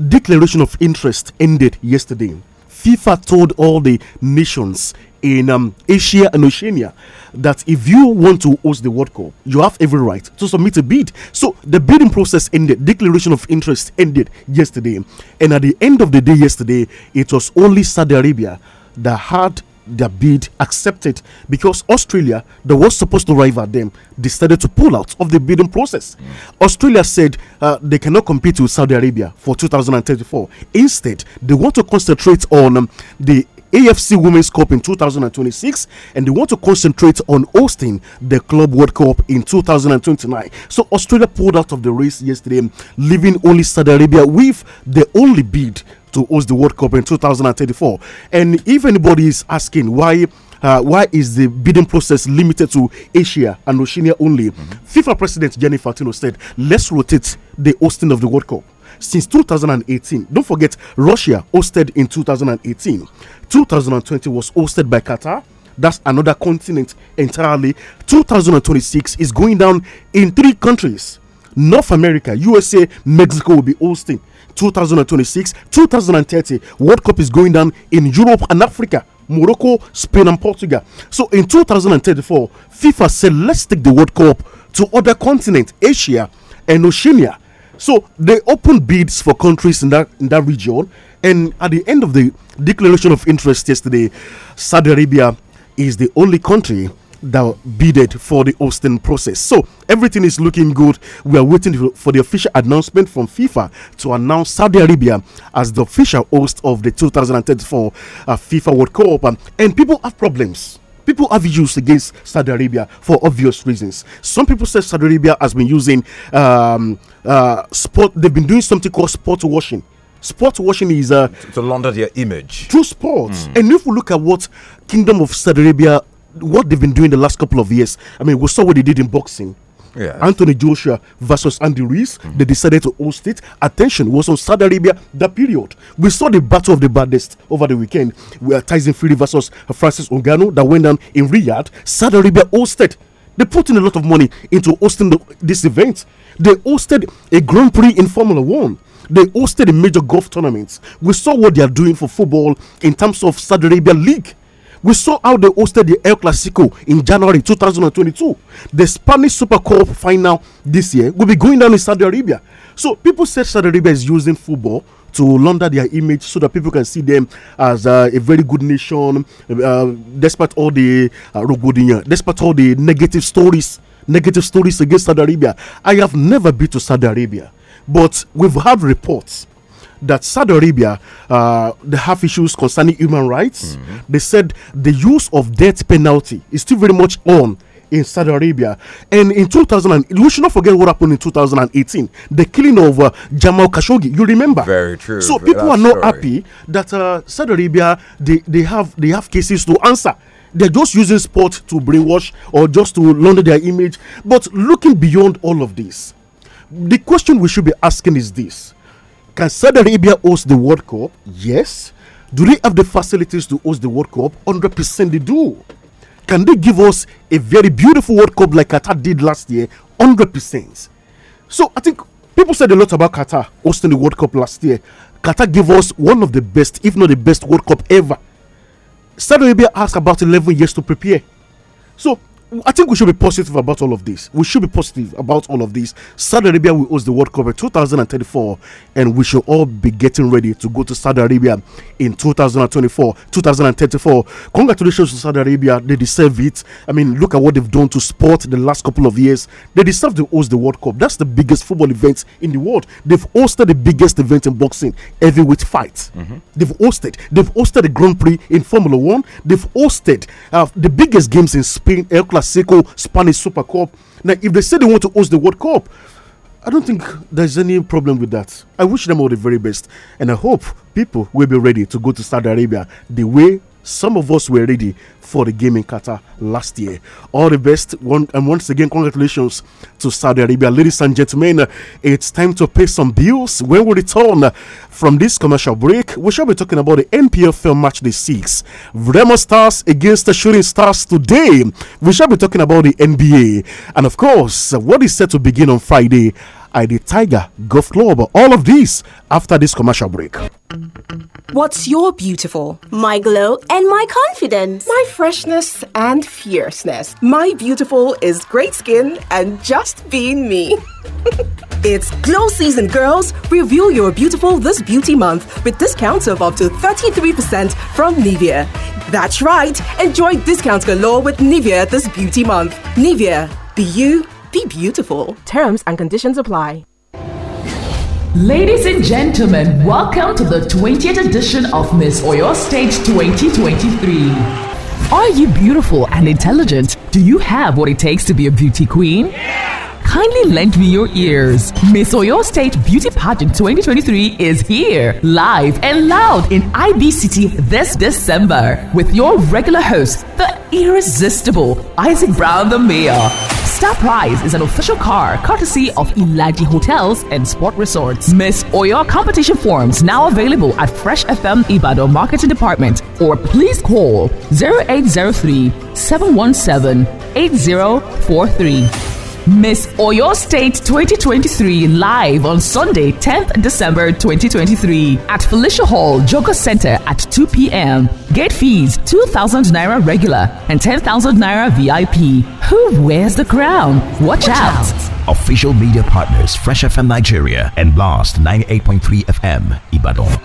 declaration of interest ended yesterday. FIFA told all the nations in um, Asia and Oceania that if you want to host the World Cup, you have every right to submit a bid. So the bidding process ended, declaration of interest ended yesterday. And at the end of the day, yesterday, it was only Saudi Arabia that had their bid accepted because Australia, that was supposed to rival them, decided to pull out of the bidding process. Mm. Australia said uh, they cannot compete with Saudi Arabia for 2034. Instead, they want to concentrate on um, the AFC Women's Cup in 2026 and they want to concentrate on hosting the Club World Cup in 2029. So Australia pulled out of the race yesterday, leaving only Saudi Arabia with the only bid to host the World Cup in 2034. And if anybody is asking why. Uh, why is the bidding process limited to Asia and Oceania only? Mm -hmm. FIFA President Gianni Infantino said, "Let's rotate the hosting of the World Cup." since 2018. Don't forget, Russia hosted in 2018. 2020 was hosted by Qatar. That's another continent entirely. 2026 is going down in three countries North America, USA, Mexico will be hosting. 2026, 2030. World Cup is going down in Europe and Africa. Morocco, Spain, and Portugal. So in 2034, FIFA said, let's take the World Cup to other continents, Asia and Oceania. So they opened bids for countries in that in that region. And at the end of the declaration of interest yesterday, Saudi Arabia is the only country that bidded for the hosting process. So everything is looking good. We are waiting for the official announcement from FIFA to announce Saudi Arabia as the official host of the 2034 uh, FIFA World Cup. Um, and people have problems people have used against Saudi Arabia for obvious reasons. Some people say Saudi Arabia has been using um, uh, sport, they've been doing something called sport washing. Sport washing is uh, to launder their image through sports. Mm. And if we look at what Kingdom of Saudi Arabia what they've been doing the last couple of years. I mean, we saw what they did in boxing. Yeah. Anthony Joshua versus Andy Ruiz. Mm They decided to host it. Attention was on Saudi Arabia that period. We saw the battle of the baddest over the weekend We are Tyson Fury versus Francis Ongano that went down in Riyadh. Saudi Arabia hosted. They put in a lot of money into hosting the, this event. They hosted a Grand Prix in Formula One. They hosted a major golf tournament. We saw what they are doing for football in terms of Saudi Arabia League we saw how they hosted the El Clasico in January 2022. The Spanish Super Cup final this year will be going down in Saudi Arabia. So people said Saudi Arabia is using football to launder their image so that people can see them as uh, a very good nation, uh, despite all the uh, despite all the negative stories, negative stories against Saudi Arabia. I have never been to Saudi Arabia, but we've had reports that Saudi Arabia uh, they have issues concerning human rights. Mm -hmm. They said the use of death penalty is still very much on in Saudi Arabia. And in 2000, we should not forget what happened in 2018, the killing of uh, Jamal Khashoggi. You remember? Very true. So people are not story. happy that uh, Saudi Arabia they, they have they have cases to answer. They're just using sport to brainwash or just to launder their image. But looking beyond all of this, the question we should be asking is this can Saudi Arabia host the World Cup? Yes. Do they have the facilities to host the World Cup? 100% they do. Can they give us a very beautiful World Cup like Qatar did last year? 100%. So I think people said a lot about Qatar hosting the World Cup last year. Qatar gave us one of the best, if not the best, World Cup ever. Saudi Arabia has about 11 years to prepare. So I think we should be positive about all of this. We should be positive about all of this. Saudi Arabia will host the World Cup in 2034, and we should all be getting ready to go to Saudi Arabia in 2024, 2034. Congratulations to Saudi Arabia. They deserve it. I mean, look at what they've done to sport the last couple of years. They deserve to host the World Cup. That's the biggest football event in the world. They've hosted the biggest event in boxing, heavyweight fight. Mm -hmm. They've hosted. They've hosted the Grand Prix in Formula One. They've hosted uh, the biggest games in Spain, Club. Clasico, Spanish Super Cup. Now, if they say they want to host the World Cup, I don't think there's any problem with that. I wish them all the very best, and I hope people will be ready to go to Saudi Arabia the way some of us were ready for the game in Qatar last year. All the best, one, and once again, congratulations to Saudi Arabia. Ladies and gentlemen, it's time to pay some bills. When we return from this commercial break, we shall be talking about the NPL film match day six. Remo Stars against the Shooting Stars today. We shall be talking about the NBA. And of course, what is set to begin on Friday the Tiger Golf Club. All of these after this commercial break. What's your beautiful? My glow and my confidence. My freshness and fierceness. My beautiful is great skin and just being me. it's glow season, girls. Review your beautiful this beauty month with discounts of up to 33% from Nivea. That's right. Enjoy discounts galore with Nivea this beauty month. Nivea, be you be beautiful. Terms and conditions apply. Ladies and gentlemen, welcome to the 20th edition of Miss Oyo State 2023. Are you beautiful and intelligent? Do you have what it takes to be a beauty queen? Yeah! kindly lend me your ears. Miss Oyo State Beauty Pageant 2023 is here, live and loud in IB City this December with your regular host, the irresistible Isaac Brown, the mayor. Star Prize is an official car courtesy of Ilaji Hotels and Sport Resorts. Miss Oyo competition forms now available at Fresh FM Ibado Marketing Department or please call 0803 717 8043. Miss Oyo State 2023 live on Sunday, 10th December 2023 at Felicia Hall, Joker Center at 2 p.m. Gate fees 2,000 naira regular and 10,000 naira VIP. Who wears the crown? Watch, Watch out. out. Official media partners Fresh FM Nigeria and Blast 98.3 FM Ibadan.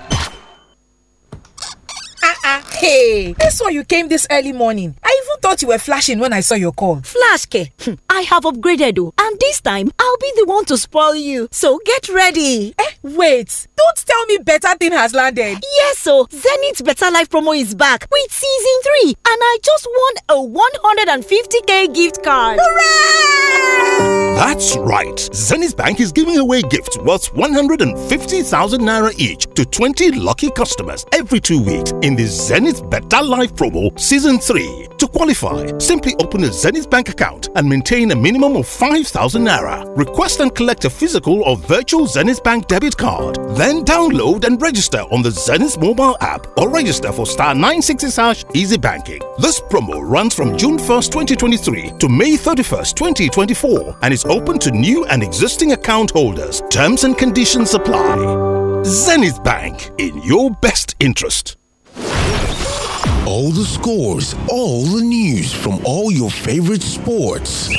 Ah, ah, hey, this why you came this early morning. I thought you were flashing when I saw your call. Flash, K. Hmm, I have upgraded, oh, and this time I'll be the one to spoil you. So get ready. Eh, wait. Don't tell me better thing has landed. Yes, so oh. Zenith Better Life promo is back with season 3, and I just won a 150k gift card. Hooray! That's right. Zenith Bank is giving away gifts worth 150,000 naira each to 20 lucky customers every two weeks in the Zenith Better Life promo season 3. To qualify, simply open a Zenith Bank account and maintain a minimum of 5,000 naira. Request and collect a physical or virtual Zenith Bank debit card. Then download and register on the Zenith mobile app or register for star 960 slash easy banking. This promo runs from June 1st, 2023 to May 31st, 2024 and is open to new and existing account holders. Terms and conditions apply. Zenith Bank, in your best interest. All the scores, all the news from all your favorite sports.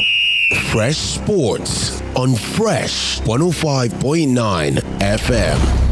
Fresh Sports on Fresh 105.9 FM.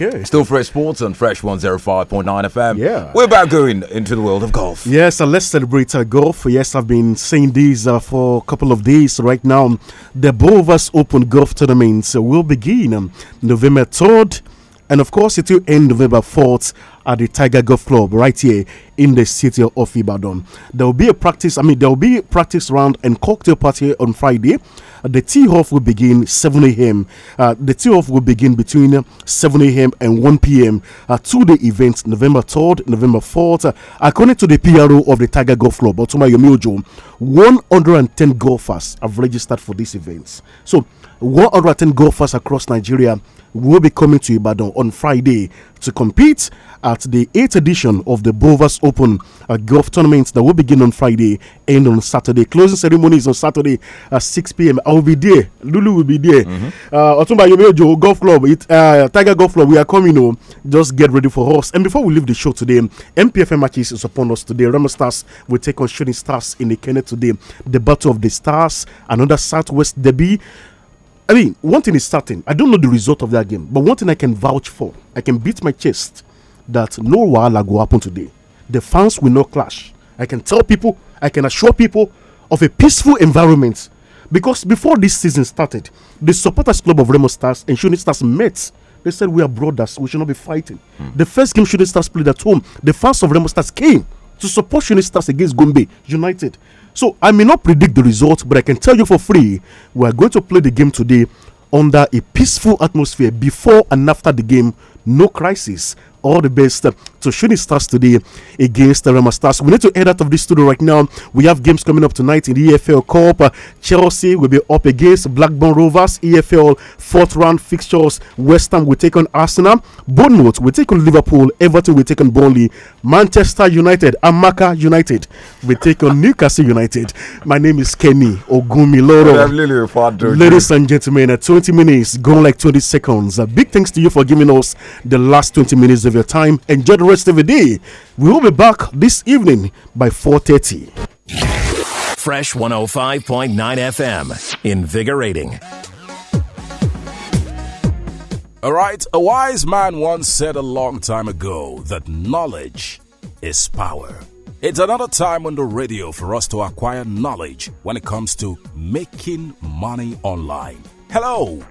Okay. Still Fresh Sports on Fresh 105.9 FM. Yeah. We're about going into the world of golf. Yes, and let's celebrate uh, golf. Yes, I've been seeing these uh, for a couple of days right now. The Bovas Open Golf Tournament will begin um, November 3rd. And of course, it will end November 4th at the Tiger Golf Club right here in the city of Ibadan. There will be a practice, I mean, there will be practice round and cocktail party on Friday. The tee off will begin 7 a.m. Uh, the tee off will begin between 7 a.m. and 1 p.m. Uh, two-day event November 3rd, November 4th. Uh, according to the PRO of the Tiger Golf Club, Otoma Yomiojo, 110 golfers have registered for this event. So, 110 golfers across Nigeria will be coming to Ibadan on Friday to compete at the 8th edition of the Bovas Open a uh, Golf Tournament that will begin on Friday and on Saturday. Closing ceremony is on Saturday at 6 p.m. I will be there. Lulu will be there. Mm -hmm. uh, Golf Club, it, uh, Tiger Golf Club, we are coming. You know, just get ready for us. And before we leave the show today, MPFM matches is upon us today. Rama Stars will take on Shooting Stars in the Kenya today. The Battle of the Stars, another Southwest Derby. I mean, one thing is certain. I don't know the result of that game, but one thing I can vouch for, I can beat my chest that no wahala will happen today. The fans will not clash. I can tell people, I can assure people of a peaceful environment. Because before this season started, the supporters club of Remo Stars and Shooting Stars met. They said, We are brothers, we should not be fighting. Mm. The first game Shooting Stars played at home, the fans of Remo Stars came to support Shooting Stars against Gombe United. So I may not predict the result, but I can tell you for free we are going to play the game today under a peaceful atmosphere before and after the game no crisis. All the best uh, to shooting stars today against the Rama Stars. We need to head out of this studio right now. We have games coming up tonight in the EFL Cup. Uh, Chelsea will be up against Blackburn Rovers. EFL fourth round fixtures. West Ham will take on Arsenal. Bournemouth will take on Liverpool. Everton will take on Burnley. Manchester United, Amaka United will take on Newcastle United. My name is Kenny Ogumiloro. Ladies and gentlemen, uh, 20 minutes gone like 20 seconds. Uh, big thanks to you for giving us the last 20 minutes of your time. Enjoy the rest of the day. We will be back this evening by 4.30. Fresh 105.9 FM. Invigorating. All right, a wise man once said a long time ago that knowledge is power. It's another time on the radio for us to acquire knowledge when it comes to making money online. Hello,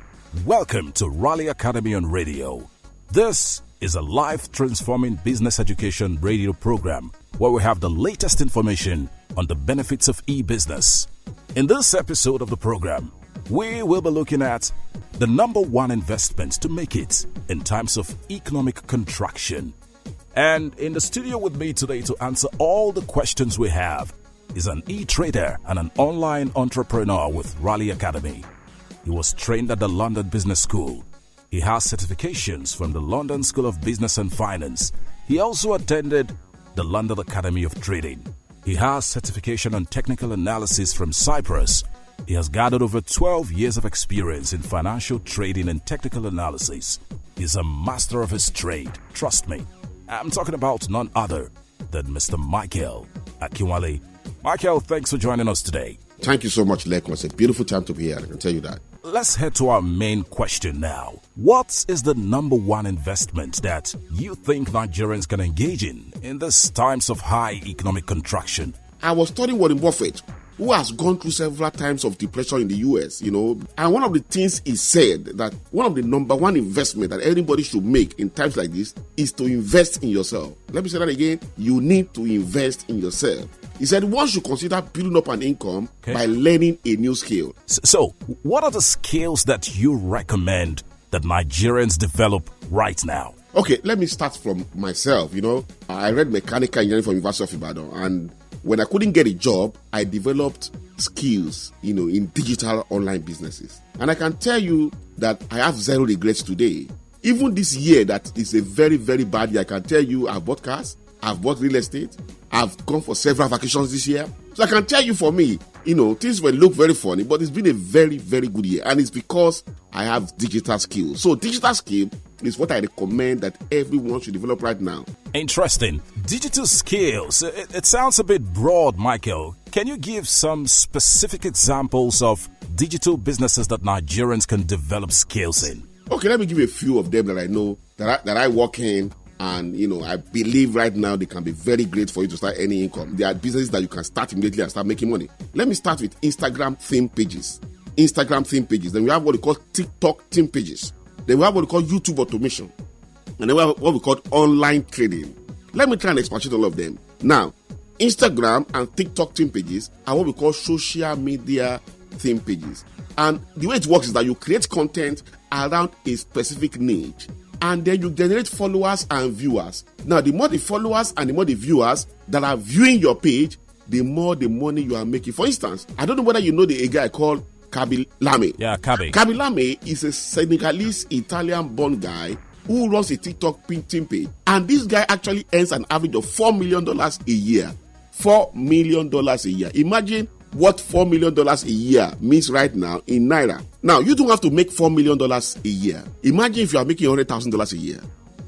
welcome to Raleigh Academy on Radio. This is a life transforming business education radio program where we have the latest information on the benefits of e business. In this episode of the program, we will be looking at the number one investment to make it in times of economic contraction. And in the studio with me today to answer all the questions we have is an e trader and an online entrepreneur with Raleigh Academy. He was trained at the London Business School he has certifications from the London School of Business and Finance. He also attended the London Academy of Trading. He has certification on technical analysis from Cyprus. He has gathered over 12 years of experience in financial trading and technical analysis. He's a master of his trade, trust me. I'm talking about none other than Mr. Michael Akinwale. Michael, thanks for joining us today. Thank you so much, Lekwa. It's a beautiful time to be here, I can tell you that let's head to our main question now. What is the number one investment that you think Nigerians can engage in in these times of high economic contraction? I was studying Warren Buffett, who has gone through several times of depression in the US, you know. And one of the things he said that one of the number one investment that everybody should make in times like this is to invest in yourself. Let me say that again. You need to invest in yourself. He said one should consider building up an income okay. by learning a new skill. So, what are the skills that you recommend that Nigerians develop right now? Okay, let me start from myself. You know, I read mechanical engineering from University of Ibadan, and when I couldn't get a job, I developed skills, you know, in digital online businesses. And I can tell you that I have zero regrets today. Even this year, that is a very, very bad year, I can tell you I've bought cars, I've worked real estate. I've gone for several vacations this year. So I can tell you for me, you know, things will look very funny, but it's been a very, very good year. And it's because I have digital skills. So digital skill is what I recommend that everyone should develop right now. Interesting. Digital skills. It, it sounds a bit broad, Michael. Can you give some specific examples of digital businesses that Nigerians can develop skills in? Okay, let me give you a few of them that I know that I, that I work in and you know, I believe right now they can be very great for you to start any income. There are businesses that you can start immediately and start making money. Let me start with Instagram theme pages. Instagram theme pages. Then we have what we call TikTok theme pages. Then we have what we call YouTube automation. And then we have what we call online trading. Let me try and expatiate all of them. Now, Instagram and TikTok theme pages are what we call social media theme pages. And the way it works is that you create content around a specific niche and then you generate followers and viewers. Now, the more the followers and the more the viewers that are viewing your page, the more the money you are making. For instance, I don't know whether you know the a guy called Kabi Lame. Yeah, Kabi. Kabi Lame is a Senegalese Italian born guy who runs a TikTok printing page. And this guy actually earns an average of $4 million a year. $4 million a year. Imagine what $4 million a year means right now in Naira. Now, you don't have to make $4 million a year. Imagine if you are making $100,000 a year,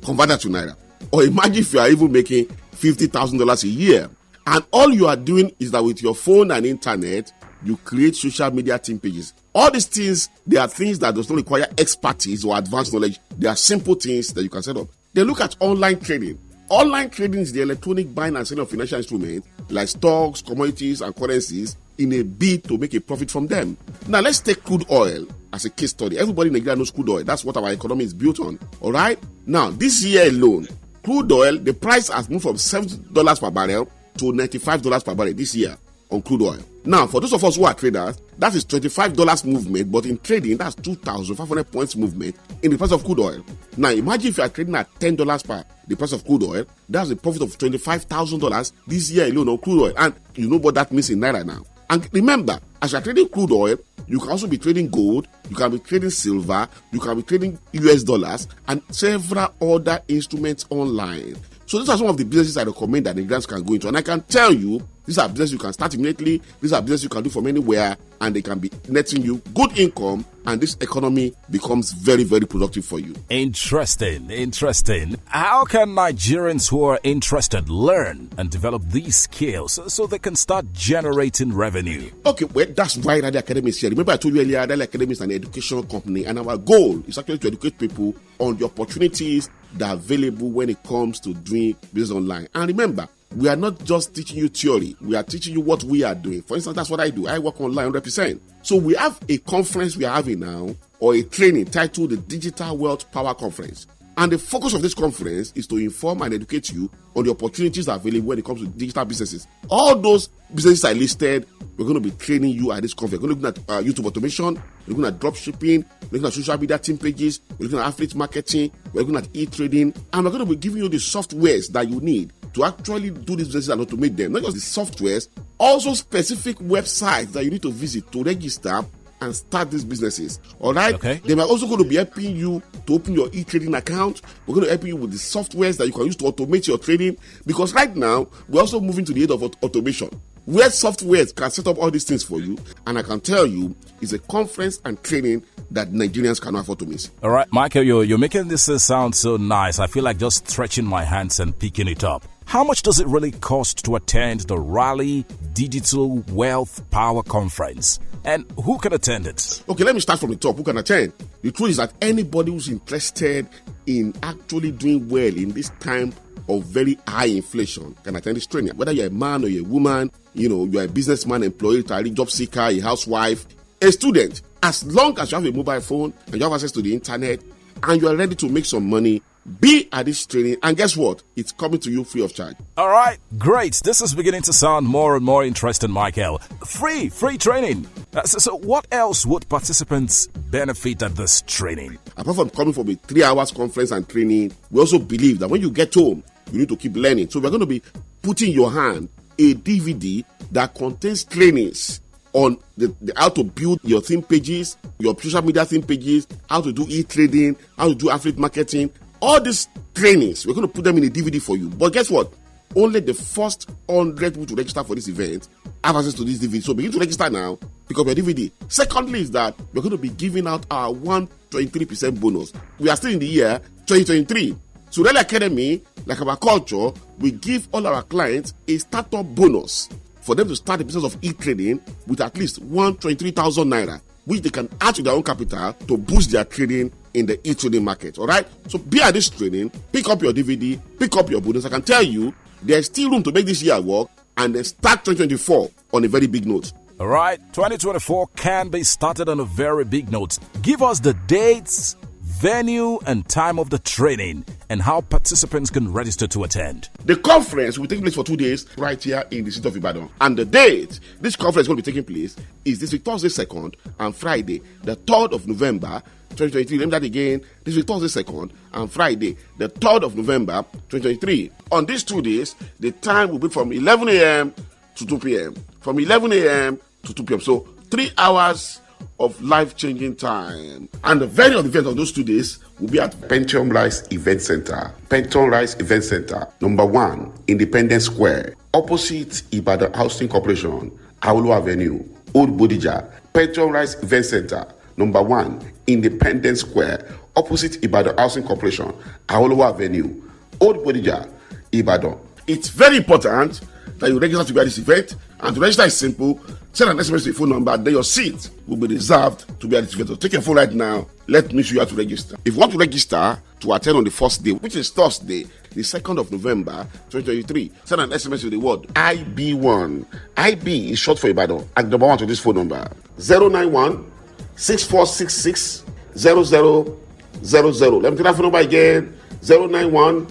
convert that to Naira. Or imagine if you are even making $50,000 a year. And all you are doing is that with your phone and internet, you create social media team pages. All these things, they are things that does not require expertise or advanced knowledge. They are simple things that you can set up. They look at online trading. Online trading is the electronic buying and selling of financial instruments like stocks, commodities, and currencies in a bid to make a profit from them. Now, let's take crude oil as a case study. Everybody in Nigeria knows crude oil. That's what our economy is built on. All right? Now, this year alone, crude oil, the price has moved from $70 per barrel to $95 per barrel this year on crude oil. Now, for those of us who are traders, that is $25 movement, but in trading, that's 2,500 points movement in the price of crude oil. Now, imagine if you are trading at $10 per the price of crude oil, that's a profit of $25,000 this year alone on crude oil. And you know what that means in Naira now. And remember, as you're trading crude oil, you can also be trading gold, you can be trading silver, you can be trading US dollars, and several other instruments online. So these are some of the businesses I recommend that the grants can go into. And I can tell you these are business you can start immediately. These are business you can do from anywhere, and they can be netting you good income. And this economy becomes very, very productive for you. Interesting, interesting. How can Nigerians who are interested learn and develop these skills so they can start generating revenue? Okay, well, that's why the Academy is here. Remember, I told you earlier, the Academy is an educational company, and our goal is actually to educate people on the opportunities that are available when it comes to doing business online. And remember, we are not just teaching you theory, we are teaching you what we are doing. For instance, that's what I do. I work online 100%. So we have a conference we are having now, or a training titled the Digital World Power Conference. And the focus of this conference is to inform and educate you on the opportunities available when it comes to digital businesses. All those businesses I listed, we're going to be training you at this conference. We're looking at uh, YouTube automation, we're looking at drop shipping, we're looking at social media team pages, we're looking at affiliate marketing, we're looking at e-trading, and we're going to be giving you the softwares that you need to actually do these businesses and automate them, not just the softwares, also specific websites that you need to visit to register and start these businesses. All right. Okay. They are also going to be helping you to open your e-trading account. We're going to help you with the softwares that you can use to automate your trading. Because right now we're also moving to the age of automation, where softwares can set up all these things for you. And I can tell you, it's a conference and training that Nigerians cannot afford to miss. All right, Michael, you're, you're making this uh, sound so nice. I feel like just stretching my hands and picking it up. How much does it really cost to attend the Raleigh Digital Wealth Power Conference? And who can attend it? Okay, let me start from the top. Who can attend? The truth is that anybody who's interested in actually doing well in this time of very high inflation can attend this training. Whether you're a man or you're a woman, you know, you're a businessman, employee, retiree, job seeker, a housewife, a student, as long as you have a mobile phone and you have access to the internet, and you are ready to make some money, be at this training and guess what it's coming to you free of charge all right great this is beginning to sound more and more interesting michael free free training uh, so, so, what else would participants benefit at this training apart from coming from a three hours conference and training we also believe that when you get home you need to keep learning so we're going to be putting your hand a dvd that contains trainings on the, the, how to build your theme pages, your social media theme pages, how to do e-trading, how to do affiliate marketing, all these trainings. We're going to put them in a DVD for you. But guess what? Only the first 100 people to register for this event have access to this DVD. So begin to register now, pick up your DVD. Secondly, is that we're going to be giving out our 123% bonus. We are still in the year 2023. So, Rally Academy, like our culture, we give all our clients a startup bonus for them to start the business of e-trading with at least 123,000 naira, which they can add to their own capital to boost their trading in the e-trading market. All right. So be at this training, pick up your DVD, pick up your bonus. I can tell you, there's still room to make this year work and then start 2024 on a very big note. All right, 2024 can be started on a very big note. Give us the dates venue and time of the training, and how participants can register to attend. The conference will take place for two days right here in the city of Ibadan. And the date this conference will be taking place is this week, Thursday 2nd and Friday, the 3rd of November 2023. Remember that again. This is Thursday 2nd and Friday, the 3rd of November 2023. On these two days, the time will be from 11 a.m. to 2 p.m. From 11 a.m. to 2 p.m. So three hours of life-changing time. And the very of the event of those two days will be at Pentium Rise Event Center. Pentium Rise Event Center, number one, Independence Square, opposite Ibadan Housing Corporation, Aulu Avenue, Old Bodija. Pentium Rise Event Center, number one, Independence Square, opposite Ibadan Housing Corporation, Aulu Avenue, Old Bodija, Ibadan. It's very important that you register to be at this event. And to register is simple. Send an SMS to your phone number, then your seat will be reserved to be activated. Take your phone right now. Let me show you how to register. If you want to register to attend on the first day, which is Thursday, the second of November 2023, send an SMS with the word IB1. IB is short for Ibadan. And number one to this phone number 091 6466 0000. Let me take that phone number again 091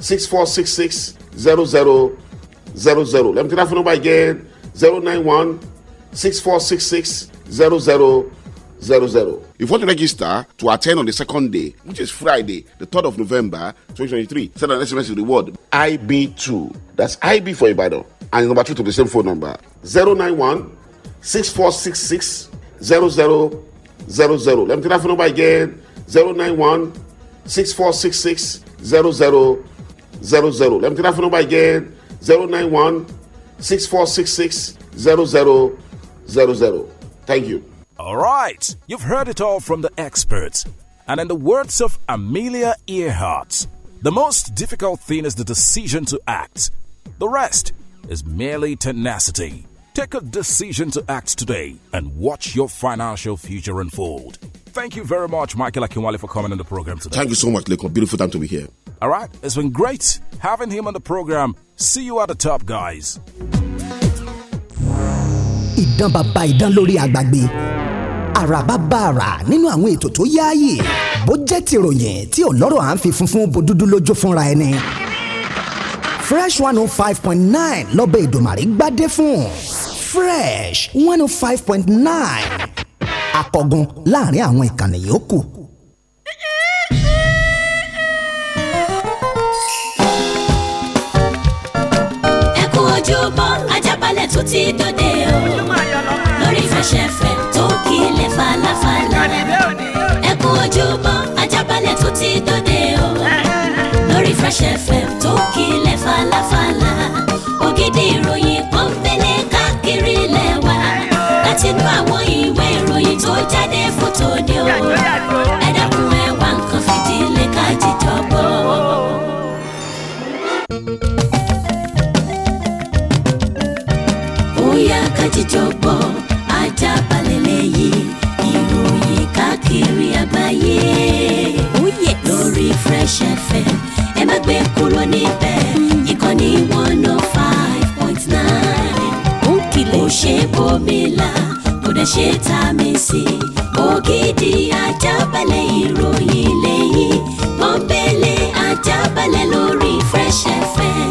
6466 0000. Let me take that phone number again 091 646 0000. If you want to register to attend on the second day, which is Friday, the 3rd of November 2023, send an SMS to the word IB2. That's IB for Ibadan. And number two to the same phone number 091 6466 0000. Let me take that phone number again 091 6466 0000. Let me take that phone number again 091 0000. 00. Thank you. All right, you've heard it all from the experts. And in the words of Amelia Earhart, the most difficult thing is the decision to act. The rest is merely tenacity. Take a decision to act today and watch your financial future unfold. Thank you very much, Michael Akinwale, for coming on the program today. Thank you so much, Leko. Beautiful time to be here. All right, it's been great having him on the program. See you at the top, guys. ìdán bàbá ìdán lórí àgbàgbé àràbá bá àrà nínú àwọn ètò tó yáàyè bó jẹ́ tìròyìn tí ọlọ́rọ̀ à ń fi funfun bo dúdú lójú fúnra ẹni fresh one oh five point nine lọ́bẹ̀ ìdòmàrí gbádé fún fresh one oh five point nine akọgun láàrin àwọn ìkànnì yòókù. balẹ̀ tó ti dòde o lórí fẹsẹ̀fẹ̀ tó kílẹ̀ falafala ẹ kú ojúmọ́ ajábalẹ̀ tó ti dòde o lórí fẹsẹ̀fẹ̀ tó kílẹ̀ falafala ògidì ìròyìn kan fẹ́lẹ́ káàkiri lẹ́wà láti inú àwọn ìwé ìròyìn tó jáde fótó ni o ẹ dákun nǹkan fìdílé ká jíjọ gbọ́. ojújọgbọ Ajaabale lẹ́yìn ìròyìn káàkiri àgbáyé oh, lórí Fresh FM ẹ má gbé kúrò níbẹ̀ hmm. ìkànnì one oh five point nine kò ṣe bòmílà kò dẹ̀ ṣe tá a mi sí ògidì Ajaabale ìròyìn lẹ́yìn pọ́npẹ́lẹ́ Ajaabale lórí Fresh FM.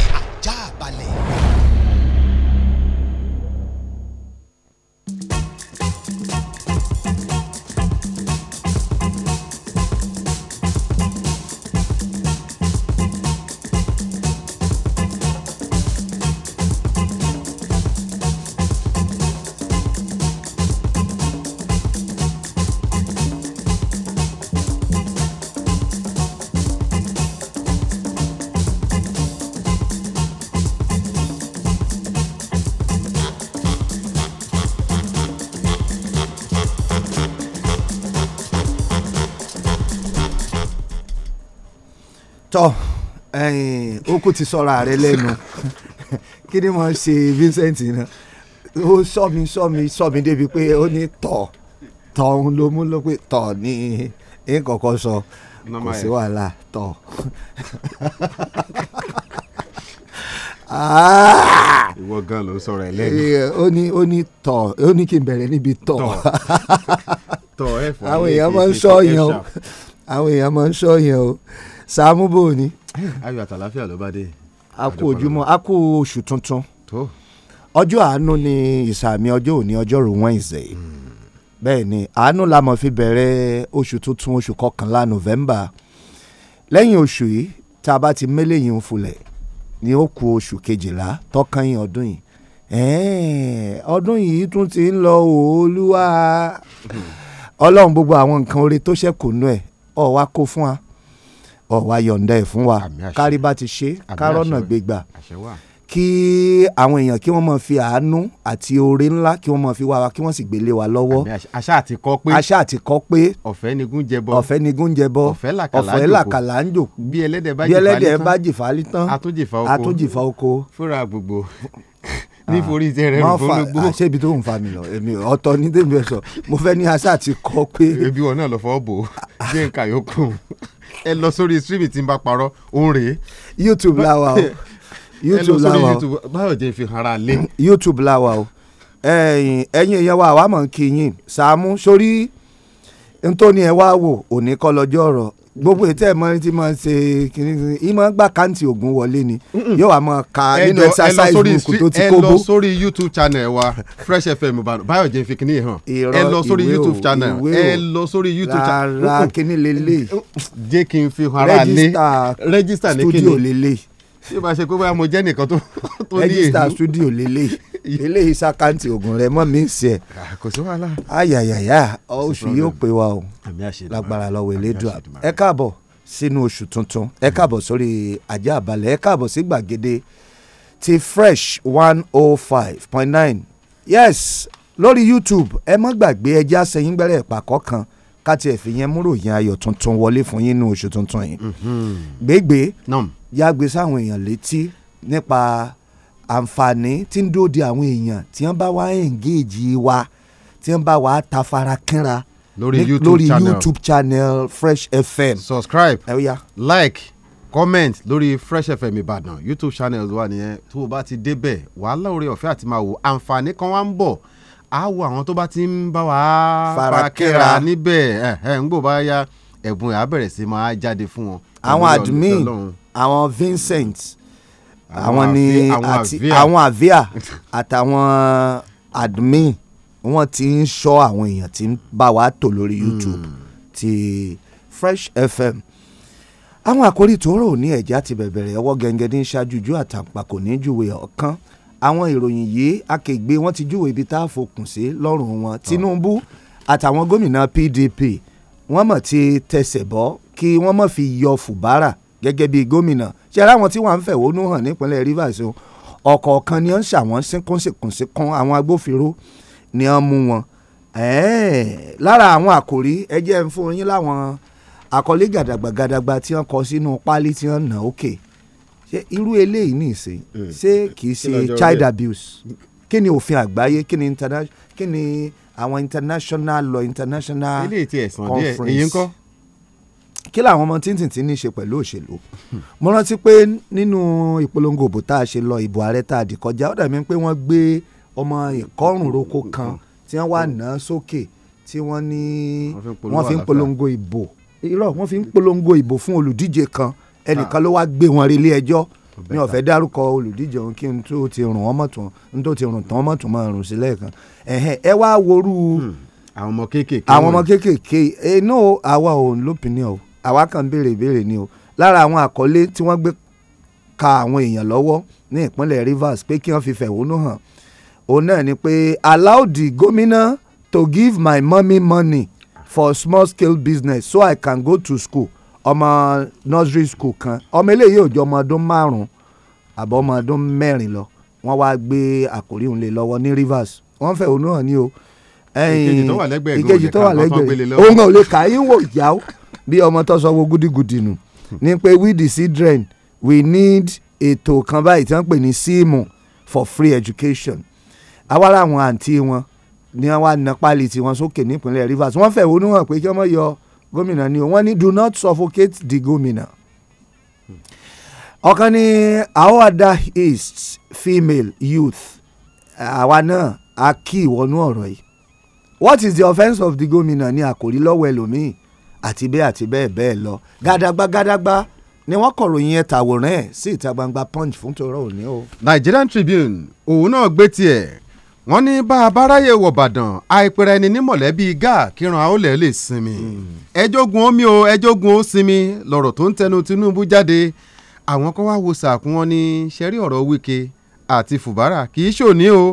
tọ́ ó kò ti sọ̀rọ̀ rẹ lẹ́nu kí ni mo ṣe Vincent náà ó sọ mi sọ mi sọ mi débi pé ó ní tọ̀ tọ̀ òun ló mú ló pé tọ̀ ní ìkọ̀kọ̀ sọ kò sí wàhálà tọ̀ ah! ìwọ gan ló sọ̀rọ̀ ẹ lẹ́nu. ó ní ó ní tọ̀ ó ní kí n bẹ̀rẹ̀ níbi tọ̀. tọ̀ ẹ fọ àwọn èèyàn máa ń sọ yẹn o àwọn èèyàn máa ń sọ yẹn o Sàámú bò ní. ayọ̀ àtàláfíà ló bá dé. a kú ojúmọ́ a kú oṣù tuntun ọjọ́ àánú ni ìsàmì ọjọ́ òní ọjọ́rú Wednesday hmm. bẹ́ẹ̀ ni àánú la mọ̀ fi bẹ̀rẹ̀ oṣù tuntun oṣù kọkànlá November lẹ́yìn oṣù yìí tá a bá ti mélèyìn fúnlẹ̀ ni ó kù oṣù kejìlá tọ́kàn yín ọdún yìí ọdún yìí tún ti ń lọ òòlùwà hmm. ọlọ́run gbogbo àwọn nǹkan oore tó ṣẹ́kù nú ẹ̀ ọ̀ wá kó fún wa ọ̀wá yọ̀ǹda ẹ̀ fún wa kárí bá ti ṣe kárọ̀nà gbégbà kí àwọn èèyàn kí wọ́n máa fi àánú àti oore ńlá kí wọ́n máa fi wá wa kí wọ́n sì gbélé wa lọ́wọ́. àṣà àti kọ́ pé àṣà àti kọ́ pé ọ̀fẹ́ nigun jẹbọ ọ̀fẹ́ nigun jẹbọ ọ̀fẹ́ làkàlà ń jò bí ẹlẹ́dẹ̀ bá jìfálí tán àtúnjìfà oko fúnra gbogbo ah. níforí iṣẹ́ rẹ̀ ló gbogbo. máa fa àṣebi ah, tó ń fa mi lọ èmi ọ̀tọ̀ ní tèmi ẹ̀ sọ mo fẹ́ ní àṣà àti kọ́ pé. ebi wọn náà lọ fọ́ bò ah. jẹ́ nǹkan yòókù ẹ lọ sórí stream tí n bá parọ́ òun rèé. YouTube láwa o YouTube láwa o báyọ̀ jẹ́ fi hara lé. YouTube láwa o ẹ̀yin èèyàn wa àwa mọ̀ ń kí yín Sàámú sórí ntòní ẹ wá wò òní kọ́ lọ́jọ́ ọ̀rọ̀ gbogbo ètò ẹ̀ mọ ti máa ń ṣe kìnìún yìí máa ń gbà káǹtì oògùn wọlé ni yóò wá máa ka nínú exercise book tó ti kóbó. ẹ lọ sórí youtube channel wa fresh fm báyọ̀ jẹ́ fi kìnìún hàn ẹ lọ sórí youtube channel ẹ lọ sórí youtube channel. rárá kìnìún lélẹ̀. jẹ́ kí n fi ara lé rẹ́gísítà ní kìnìún studio lélẹ̀. ṣé o bá ṣe pé bóyá mo jẹ́ nìkan tó ní èyí. rẹ́gísítà studio lélẹ̀ eléyìí sàkáǹtì oògùn rẹ mọ́ mi ń ṣe ẹ̀. Ah, kò sí wàhálà. ayayaya oṣù yóò pé wa o lágbára lọ́wọ́ elédùà ẹ káàbọ̀ sínú oṣù tuntun ẹ hmm. káàbọ̀ sórí ajá àbálẹ̀ ẹ káàbọ̀ sí gbàgede ti fresh one oh five point nine yes lórí youtube ẹ má gbàgbé ẹjẹ́ àsẹ̀yìngbẹ́rẹ́ ìpàkọ́ kan káti ẹ̀ fi yẹn múrò yẹn ayọ̀ tuntun wọlé fún yín nínú oṣù tuntun yìí mm-hmm. gbégbé yàgbé sáwọn èèyàn létí nípa àǹfààní tí ń dóde àwọn èèyàn tí wọ́n bá wá engage wa tí wọ́n bá wá ta lórí YouTube, channel Fresh FM subscribe eh, yeah. like comment lórí Fresh FM Ìbàdàn YouTube channel wa nìyẹn tó o bá ti débẹ̀ wàhálà orí ọ̀fẹ́ àti máa wò àǹfààní kan wá ń bọ̀ á wo àwọn tó bá ti ń bá wa farakẹ́ra níbẹ̀ ẹ̀ ẹ̀ ń gbò bá yá ẹ̀bùn ẹ̀ á bẹ̀rẹ̀ sí máa jáde fún wọn. àwọn admin àwọn Vincent àwọn ni àwọn avia àtàwọn admin wọ́n ti ń ṣọ́ àwọn èèyàn tí ń bá wa tò lórí hmm. YouTube ti Fresh FM àwọn àkórí tó rò ní ẹ̀já ti bẹ̀bẹ̀rẹ̀ ọwọ́ gẹ́gẹ́ ní ṣáájújú àtàǹpàkò ní júwe ọ̀kan àwọn ìròyìn yìí akègbè wọn ti júwe ibi tá a fòkùn sí lọ́rùn wọn ah. Tinubu àtàwọn gómìnà PDP wọ́n mọ̀ ti tẹsẹ̀ bọ́ kí wọ́n mọ̀ fi yọ fùbárà gẹ́gẹ́ bíi gómìnà ṣe ara wọn tí wọ́n ń fẹ̀hónú hàn nípínlẹ̀ Rivers o ọ̀kọ̀ọ̀kan ni wọ́n ń ṣàwọn sínkúnsínkún àwọn agbófinró ni wọ́n mú wọn lára àwọn àkòrí ẹ jẹ́ ń fún yín láwọn àkọlé gàdàgbàgàdàgbà tí wọ́n kọ sínú páálí tí wọ́n nà ókè ṣé irú eléyìí ní ìsìn ṣé kìí ṣe child abuse kí ni òfin àgbáyé kí ni international kí ni àwọn international law international conference kí làwọn ọmọ tíntìn tí ní í ṣe pẹ̀lú òṣèlú mo rántí pé nínú ìpolongo òbò tá a ṣe lọ ìbò ààrẹ tá a dì kọjá ó dàbí pé wọ́n gbé ọmọ ìkọrùnroko kan tí wọ́n wà ná sókè tí wọ́n ní wọ́n fi ń polongo ìbò irọ́ wọ́n fi ń polongo ìbò fún olùdíje kan ẹnìkan ah. ló wá gbé wọn relé ẹjọ́ mi ò fẹ́ dárúkọ olùdíje òun kí n tó ti rùn wọ́n mọ̀tún n tó ti rùn tán wọ́n mọ̀tún máa rùn sílẹ̀ kan ẹ wá worú. Hmm. àwọn ọmọ kéékèèké àwọn ọmọ kéékèèké inú eh, àwa ò lópinì o àwa kan béèrè ìbéèrè ni o lára àwọn àkọlé tí wọ́n gbé ka àwọn èèyàn lọ́wọ́ ní ìpínlẹ̀ Rivers pé kí wọ́n fi fẹ̀hónú hàn òun náà ni pé allow the governor to give my mummy money for small scale business so I can go to school ọmọ nursery school kan ọmọ eléyìí ò jọ ọmọ ọdún márùn-ún àbọ̀ ọmọ ọdún mẹ́rin lọ wọ́n wá gbé àkórí òun lè lọ́wọ́ ní Rivers wọ́n fẹ̀hónú hàn ní o ìkejì tó wà lẹ́gbẹ̀ẹ́ òun kò lè kà í wò yá o bí ọmọ tó sọ wo gúdígúdí nù ní pé we the children we need ètò kan báyìí tí wọ́n pè ní síìmù for free education awara àwọn àǹtí wọn ni wọ́n wá na páálí tiwọn sókè nípínlẹ̀ Rivers wọ́n fẹ̀hónú hàn pé kí wọ́n yọ gómìnà ni wọ́n ní do not suffocate the gómìnà. ọ̀kan ni aoada east female youth àwa náà a kí ìwọ́nú ọ̀rọ̀ yìí what is the offence of the gómìnà ni àkòrí lọ́wọ́ ẹlòmíì àti bẹ́ẹ̀ àti bẹ́ẹ̀ bẹ́ẹ̀ lọ gàdàgbà gàdàgbà ni wọ́n kọ̀ròyìn ẹ̀ tàwòrán ẹ̀ sí ìta gbangba punch fún tòró òní o. Nigerian Tribune òun náà gbé tiẹ̀ wọ́n ní bá a bá ráyè wọ̀ bàdàn àìpẹ̀rẹ̀ ni ní mọ̀lẹ́bí gáà kíran àólẹ̀ lè sinmi hmm. ẹjọ́gun omi o ẹjọ́gun ó sinmi lọ̀rọ̀ tó ń tẹnu Tinubu jáde àwọn kan wá wo sàkún wọn ní sẹ́rí ọ̀rọ̀ Wike àti Fubara kì í ṣòní o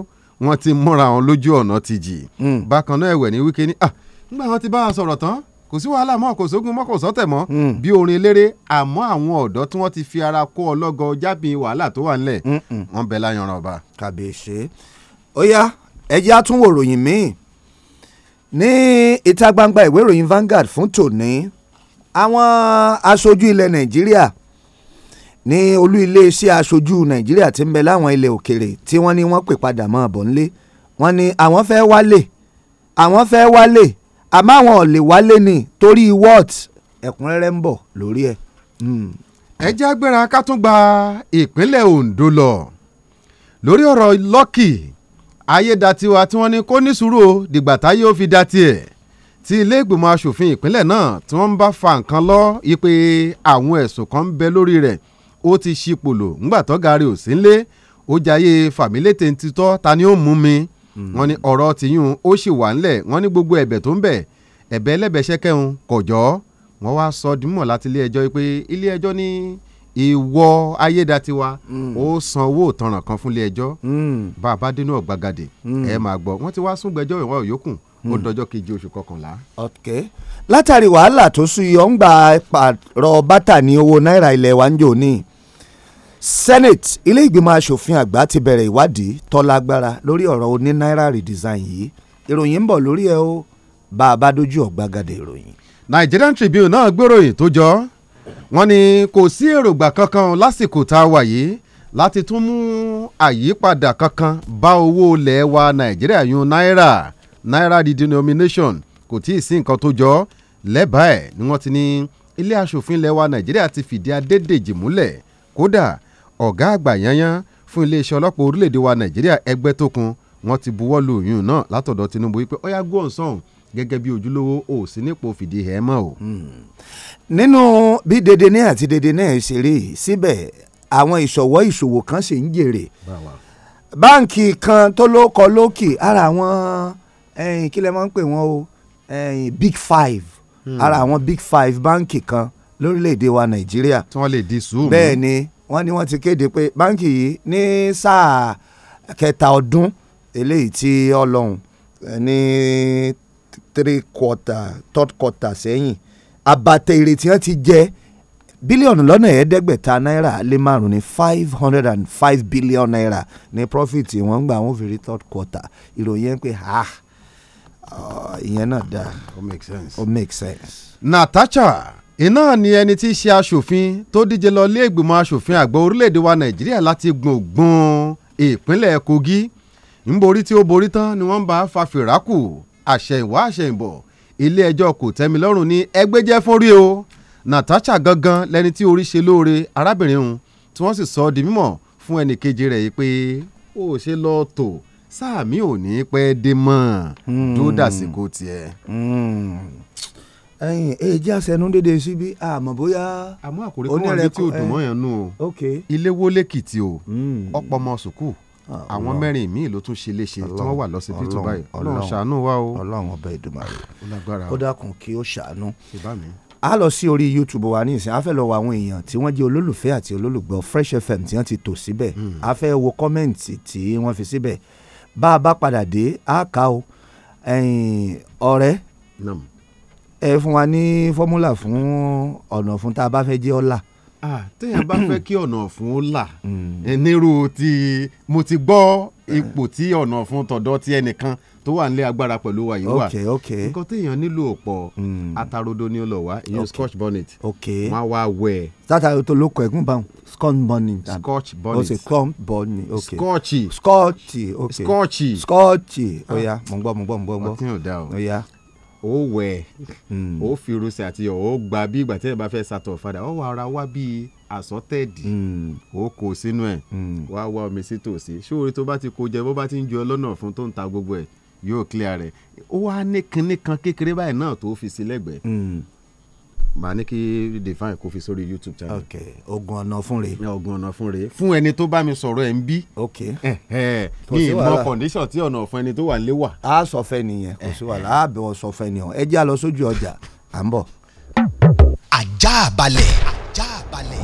wọ́n ti múra wọn lójú ọ̀nà ti jì hmm. bákan náà ẹ̀wẹ̀ ní Wike ní ah nígbà wọn ti bá wọn sọ̀rọ̀ tán kò sí wàhálà mọ́ kò sógun mọ́ kò sọ́tẹ̀ mọ́ hmm. bí orin eléré àmọ́ àwọn ọ̀dọ́ tí wọ́n ti fi ara kó ọlọ́gọ jábìn wàhálà tó wà ńlẹ̀ hmm, hmm. wọ́n bẹ láyanran ọba. kàbèsè ó yá ẹ jẹ́ àtúnwò ròyìn míì ní ìta gbangba ìwé ìròyìn Vanguard fún tòní àwọn aṣojú ilẹ̀ Nàìjíríà ní olú iléeṣẹ́ aṣojú Nàìjíríà ti ń bẹ láwọn ilẹ̀ òkèrè tí wọ́n ní wọ́n pè padà mọ́ ọ̀bọ̀ wọ́n ní àwọn fẹ́ wálé àwọn fẹ́ wálé àmọ́ àwọn ò lè wálé ni torí what ẹ̀kúnrẹ́rẹ́ ń bọ̀ lórí ẹ̀. Hmm. ẹ jẹ́ agbára ká tún gba ìpínlẹ̀ Ondo lọ lórí ọ̀rọ̀ Lucky Ayédatiwa tí wọ́n ní kó ní sùúrù o dìgbà táyé ó fi da tiẹ̀ tí ilé ìgbìmọ̀ asòfin ìpínlẹ̀ náà tí wọ́n ń bá fa nǹkan lọ ipe àwọn ẹ̀sùn kan ń bẹ lórí rẹ̀ ó ti ṣipòlò ńgbà tó gari ò sí ńlé ó jayé fàmílétè ta ni ó mú mi Mm. wọ́n ní ọ̀rọ̀ tìyún ó sì wà ńlẹ̀ wọ́n ní gbogbo ẹ̀bẹ̀ tó ń bẹ̀ ẹ̀bẹ̀ ẹlẹ́bẹ̀ ṣẹ́kẹ́hun kọ̀jọ́ wọ́n wá sọ dímọ̀ láti ilé ẹjọ́ pé ilé ẹjọ́ ní ìwọ ayédatiwa mm. ó san owó ìtanràn kan fún ilé ẹjọ́ mm. bá a bá dénú ọ̀gbagadè ẹ máa gbọ́ wọ́n ti wá sún ìwọ yòókù ó dọjọ́ keje oṣù kọkànlá. okay. látàrí wàhálà tó súyọ ń gba pààrọ̀ bátà ní owó náírà ilẹ̀ wa ń jò ní senate ilé ìgbìmọ̀ asòfin àgbà ti bẹ̀rẹ̀ ìwádìí tó lágbára lórí ọ̀rọ̀ oní náírà redesign yìí ìròyìn ń bọ̀ lórí ẹ̀ o bá a bá dojú ọ̀gbagadè ìròyìn. Nigerian Tribune náà gbèròyìn tó jọ wọ́n ní kò sí èròǹgbà kankan lásìkò tá a wà yìí láti tún mú àyípadà kankan bá owó ilẹ̀ wa Nàìjíríà yun náírà náírà redenomination kò tí ì sí nǹkan tó jọ lẹ́bàá ẹ̀ ni wọ́n ti ní ilé asòfin ilẹ̀ wa Nàìjíríà ti fìdí adédèjì múlẹ̀ kódà ọ̀gá àgbà yányán fún iléeṣẹ́ ọlọ́pàá orílẹ̀‐èdè wa nàìjíríà ẹgbẹ́tókun wọ́n ti buwọ́ lu ìyún náà látọ̀dọ̀ tinubu wípé ọ̀yá go on sọ̀hún gẹ́gẹ́ bí ojúlówó ò sí nípò fìdí ẹ̀ mọ́ o. Hmm. nínú bí dèdè náà àti dèdè náà ṣe rí síbẹ̀ àwọn ìṣọ̀wọ́ ìṣòwò kan ṣì ń jèrè báǹkì kan tó ló kọ lókè ara àwọn kí lè máa ń pè wọ́n o big five hmm. ara àwọn big five báǹkì kan lórílẹ̀‐èdè wa nàìjíríà. tí wọ́n lè di sùúrù. bẹ́ẹ̀ ni wọ́n ní wọ́n ti kéde pé báńkì yìí ní sáà kẹta ọdún eléyìí tí ọlọ́run ní three quarter third quarter sẹ́yìn àbàtẹ ìrètí wọn ti jẹ bílíọ̀nù lọ́nà ẹ̀ẹ́dẹ́gbẹ̀ta náírà lé márùn ní five hundred and five billion naira ní profit wọ́n gbà wọ́n fi third quarter ìròyìn yẹn pé ha ah, ah, ìyẹn náà dáa ó make sense. ó make sense. Natasha iná ni ẹni tí í ṣe aṣòfin tó díje lọ ilé ìgbìmọ̀ aṣòfin àgbà orílẹ̀-èdè wa nàìjíríà láti gbùngbùn ìpínlẹ̀ kogi nbori tí ó borí tán ni wọ́n ń bá fa fìràkù àṣẹ̀yìnwá àṣẹ̀yìnbọ̀ ilé ẹjọ́ kò tẹ́mi lọ́rùn ní ẹgbẹ́jẹ́ fún rí o natasha gangan lẹni tí orí ṣe lóore arábìnrin òun tí wọ́n sì sọ ọ́ di mímọ̀ fún ẹnì kejì rẹ̀ yìí pé ó ṣe lọ tò mi ò ní pẹ́ dé mọ́ hmm. dàsìkò tiẹ̀. Hmm. ẹyin èjì àṣẹnu dédé síbi àmọ́ bóyá. àmọ́ àkòrí kan wà ní tí o dùn mọ́ yẹn nù o ilé wo lèkìtì o hmm. ọ̀pọ̀ ọmọ sùkúù ah, àwọn mẹ́rin míì ló tún ṣe léṣe tí wọ́n wà lọ́sibítù báyìí ọlọ́run ṣàánú wa o. ọlọ́run ọba ìdùmarè ó dákun kí ó ṣàánú. a lọ sí orí youtube wa nísìnyí a fẹ́ lọ wo àwọn èèyàn tí wọ́n jẹ́ olólùfẹ́ àti olólùgbọ́ fresh fm tí wọ́n ti tò síbẹ̀ hmm. a fẹ́ wo kọ́mẹ̀ǹtì tí wọ́n fi síbẹ̀ bá a bá padà dé a kà o ọ̀rẹ́ ẹ fún wa ní fọ́múlà fún ọ̀nà fún tá a bá fẹ́ jẹ́ ọ́ là. téèyàn bá fẹ́ kí ọ̀nà fún là mm. nírú ti mo ti gbọ́ ipò tí ọ̀nà fún tọ̀dọ̀ ti ẹnìkan tó wà nílé agbára pẹ̀lú wa yìí wà nǹkan téèyàn nílò ọ̀pọ̀ mm. atarodo ni ó lọ wá ìyẹn scotch bonnet máa wá wẹ̀. tata tó ló kọ ẹ̀gún báwọn scotch bonnet. scotch bonnet scotch bonnet ok scotchy scotchy ok scotchy scotchy ó ah. yá mo ń gbọ́ mo ń gbọ́ mo ń gbọ́ ó yá ó wẹ̀ hmm. ó fi irusẹ̀ àti ọ̀ ó gba bí ìgbà tẹ́lẹ̀ bá fẹ́ sàtọ̀ fàdà ó wà ara wá bíi àsọtẹ́ẹ̀dì hmm. ó kó sínú ẹ̀ hmm. wá wá omi sí tòsí ṣóore tó bá ti kó jẹ bó bá ti ń ju ọlọ́nà fún tó ń ta gbogbo ẹ̀ yóò clear rẹ̀ ó wá ní kinní kan kékeré báyìí náà tó fi sí màá ní kí define kó fi sórí youtube channel. ok ogun ọ̀nà fún re. ogun ọ̀nà fún re fún ẹni tó bá mi sọ̀rọ̀ ẹ̀ ń bí. ok ní ìmọ̀ condition tí ọ̀nà ọ̀fun ẹni tó wà lé wà. a sọ fẹ́ nìyẹn kò sí wàhálà a bẹ̀ wọ́n sọ fẹ́ nìyẹn ẹ jẹ́ a lọ sójú ọjà à ń bọ̀. ajá balẹ̀. ajá balẹ̀.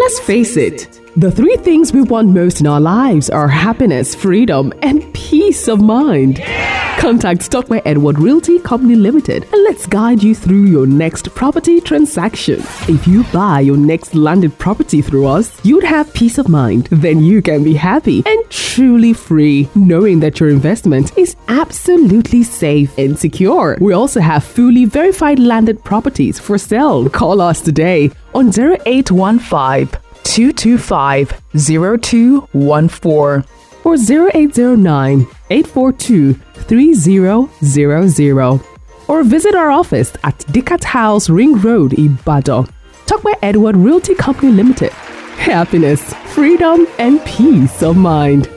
let's face it. The three things we want most in our lives are happiness, freedom, and peace of mind. Yeah! Contact Stockway Edward Realty Company Limited and let's guide you through your next property transaction. If you buy your next landed property through us, you'd have peace of mind. Then you can be happy and truly free, knowing that your investment is absolutely safe and secure. We also have fully verified landed properties for sale. Call us today on 0815 225 0214 or 0809 842 3000 or visit our office at Dickert House Ring Road, Ibadan. Talk by Edward Realty Company Limited. Happiness, freedom, and peace of mind.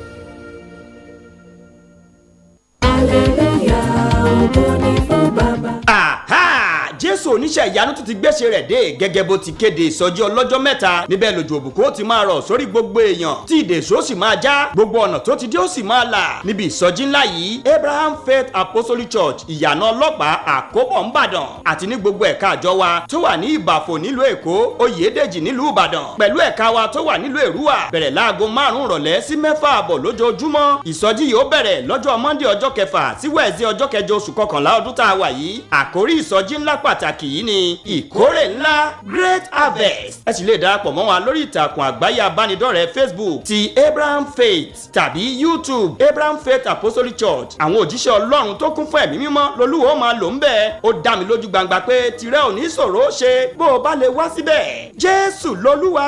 oníṣẹ́ ìyanu tún ti gbéṣe rẹ̀ dé gẹ́gẹ́ bó ti kéde ìsọjí ọlọ́jọ́ mẹ́ta níbẹ̀ lójú òbùkú ó ti máa rọ̀ sórí gbogbo èèyàn tí ìdèso sì máa já gbogbo ọ̀nà tó ti dé ó sì máa là níbi ìsọjí ńlá yìí Abraham Faith Apostolic Church ìyànà ọlọ́pàá àkóbọ̀ ńbàdàn àti ní gbogbo ẹ̀ka àjọ wa tó wà ní ìbàfò nílùú èkó oyèdèjì nílùú ìbàdàn pẹ̀lú ẹ̀ka wa tó wà nílùú èrúwà bẹ̀rẹ̀ láago márùn-ún rọ̀lẹ́ sí mẹ́fà àbọ̀ lójoojúmọ́ ìsọjí yìí ó bẹ̀rẹ̀ lọ́jọ́ Monday ọjọ́ kẹfà sí wẹ̀ẹ́sì ọjọ́ kẹjọ oṣù kọkànlá ọdún tá a wà yìí àkórí ìsọjí ńlá pàtàkì pàtàkì yìí ni ìkórè ńlá great harvest ẹ sì lè darapọ̀ mọ́ wa lórí ìtàkùn àgbáyé abánidọ́rẹ̀ẹ́ facebook ti abraham faith tàbí youtube abraham faith apostolic church àwọn òjíṣẹ́ ọlọ́run tó kún fún ẹ̀mí mímọ́ lolúwo máa lò ń bẹ̀ ó dá mi lójú gbangba pé tìrẹ ò ní ṣòro ṣe bó o bá lè wá síbẹ̀ jésù lolúwa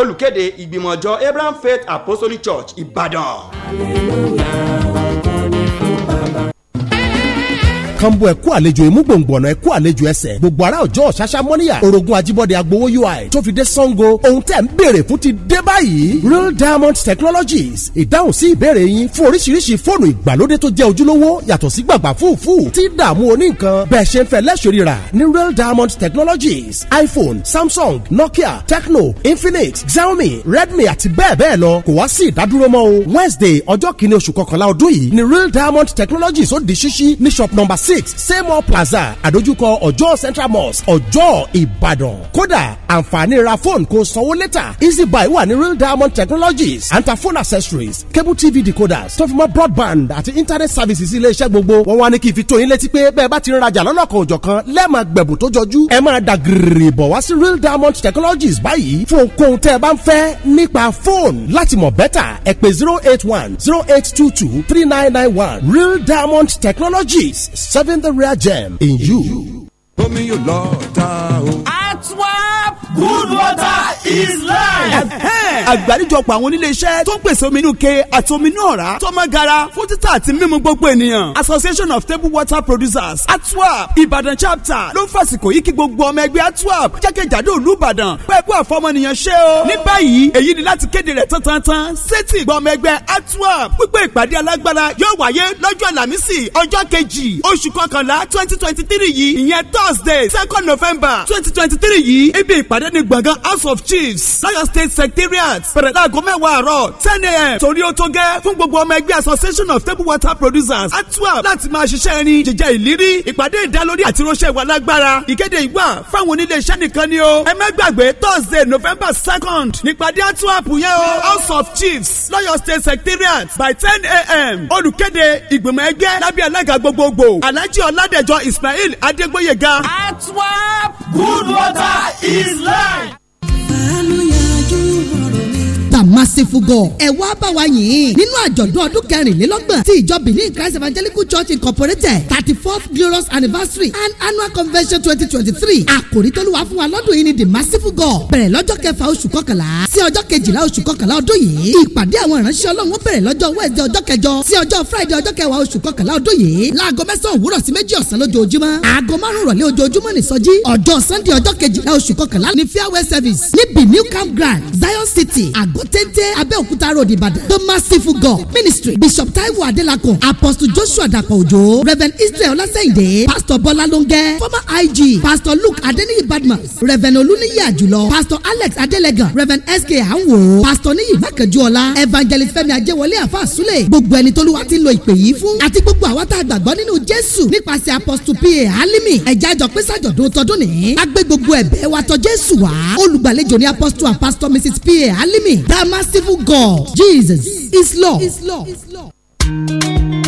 olùkéde ìgbìmọ̀jọ abraham faith apostolic church ìbàdàn. hallelujah kambo ẹ̀kú àlejò ìmúgbòǹgbọ̀nà ẹ̀kú àlejò ẹsẹ̀ gbogbo ará ọjọ́ ṣàṣà mọ́níyà orogun ajibode agbowó ui tó fi dé sango ohun tẹ̀ ń béèrè fún ti dé báyìí real diamond technologies ìdáhùn sí ìbéèrè yín fún oríṣiríṣi fóònù ìgbàlódé tó jẹ́ ojúlówó yàtọ̀ sí gbàgbà fúùfù tí dààmú oníǹkan bẹ́ẹ̀ ṣe ń fẹ́ lẹ́ṣọ̀ rírà ní real diamond technologies iphone samsung nokia tecno infinix xiaomi redmi àti bẹ́ẹ̀ bẹ́ẹ̀ lọ kò wá sí ìdádúró mọ́ o wednesday ọjọ́ kìíní oṣù kọkànlá ọdún yìí ni real diamond technologies ó di ṣíṣí ní shop number six seymour plaza àdójúkọ ọjọ́ central mosque ọjọ́ ìbàdàn kódà àǹfààní ra fóònù kò sanwó lẹ́tà easybuy wà ní real diamond technologies anta phone accessories cable tv decoders tó fi mọ́ broadband àti internet services iléeṣẹ́ gbogbo wọn wá ní kí n fi tó yín létí pé bẹ́ẹ̀ bá ti ń rajà lọ́lọ́kan òjọ̀kan lẹ́ẹ̀ma gbẹ̀bù tó jọjú ẹ máa da gìrì bọ̀ wá sí real diamond technologies báyìí fún ohunkóhun tẹ́ ẹ bá ń fẹ́ nípa fóònù láti mọ̀ bẹ́tà ẹ pé zero eight one zero eight two two three nine nine one real diamond technologies serving the rare gem in you. omi yóò lọ ta o. atwap good water is life. àgbáríjọpọ̀ àwọn oníléeṣẹ́ tó ń pèsè omi inú ke àti omi inú ọ̀rá tó máa gara fún títà àti mímu gbogbo ènìyàn association of table water producers atwap ìbàdàn chapter ló ń fàsìkò yìí kí gbogbo ọmọ ẹgbẹ́ atwap jákèjádò ìlú ìbàdàn pẹ̀lú àfọmọnìyàn ṣe o. ní báyìí èyí ni láti kéde rẹ̀ tán tán tán sétí ìgbà ọmọ ẹgbẹ́ atwap pípé ìpàdé alágbára yóò wáyé lọ́jọ́ àlàmísì ọjọ́ kejì oṣù kọkànlá twenty twenty three yìí ìyẹn tọ́ thursday second november twenty twenty three yìí ibi ìpàdé ní gbọ̀ngàn house of chiefs lọ́yọ̀ state secretariat bẹ̀rẹ̀ láago mẹ́wàá àárọ̀ ten a.m. torí ó tó gẹ́ fún gbogbo ọmọ ẹgbẹ́ association of table water producers atwap láti máa ṣiṣẹ́ ẹni jẹjẹ ìlírí ìpàdé ìdálórí àti ránṣẹ́ ìwà lágbára ìkéde ìwà fáwọn onílé iṣẹ́ nìkan ni o ẹ má thursday november second nípàdé atwap yẹn o house of chiefs lọ́yọ̀ state secretariat by ten a.m. olùkéde ìgbìmọ̀ ẹgbẹ́ lábẹ́ alága gbogbogbò alhaji ọládẹjọ ismail adégbóyèga Atwap! Good water is life! merciful God ẹ wá bá wa yìn nínú àjọ̀dún ọdún kẹrìnlélọ́gbọ̀n ti ìjọ benin christ evangelical church incorporated thirty fourth glorious anniversary and annual convention twenty twenty three àkòrí tó ló wà fún wa lọ́dún yìí ni the merciful God bẹ̀rẹ̀ lọ́jọ́ kẹfà oṣù kọkànlá sí ọjọ́ kejìlá oṣù kọkànlá ọdún yìí ìpàdé àwọn ìránṣẹ́ ọlọ́run bẹ̀rẹ̀ lọ́jọ́ wednesday ọjọ́ kẹjọ sí ọjọ́ friday ọjọ́ kẹwàá oṣù kọkànlá ọdún yìí láago mẹ́sàn-án òwúrọ̀ sí méjì ọ̀sán lójoojúmọ́ aago márùn-ún rọ̀lẹ́ ojoojúmọ́ nìsọjí ọjọ́ sunday ọjọ́ kejìlá oṣù kọkànlá ní farewell service níbi new camp ground zion city àgọ́tẹ́ téńté abẹ́òkúta road ìbàdàn the merciful god ministry bishop taiwo adelakun apostle joshua dapò òjò reverend israel ọlásẹ̀yìndé pastor bọ́lá lóńgẹ́ former ig pastor luke adeniyi Badman, reverend olúniyè àjùlọ pastor alex adelegan reverend sk anwo pastor Niyi mákàjúọlá evangelist Femi Ajewole Afasule, àsúlẹ̀ gbogbo ẹni tólúwa ti ń lo ìpè yìí fún àti gbogbo àwa tá a gbàgbọ́ nínú jésù nípasẹ̀ apostle pa Halimi, ẹ̀já àjọ pé sàjọ̀dún tọdún ní. a gbé gbogbo ẹ̀bẹ̀ wa tọ̀ jésù wá olùgbàlejò ní apostle and pastor mrs pa alimi dama merciful God. Jesus is love. Is Lord. Is Lord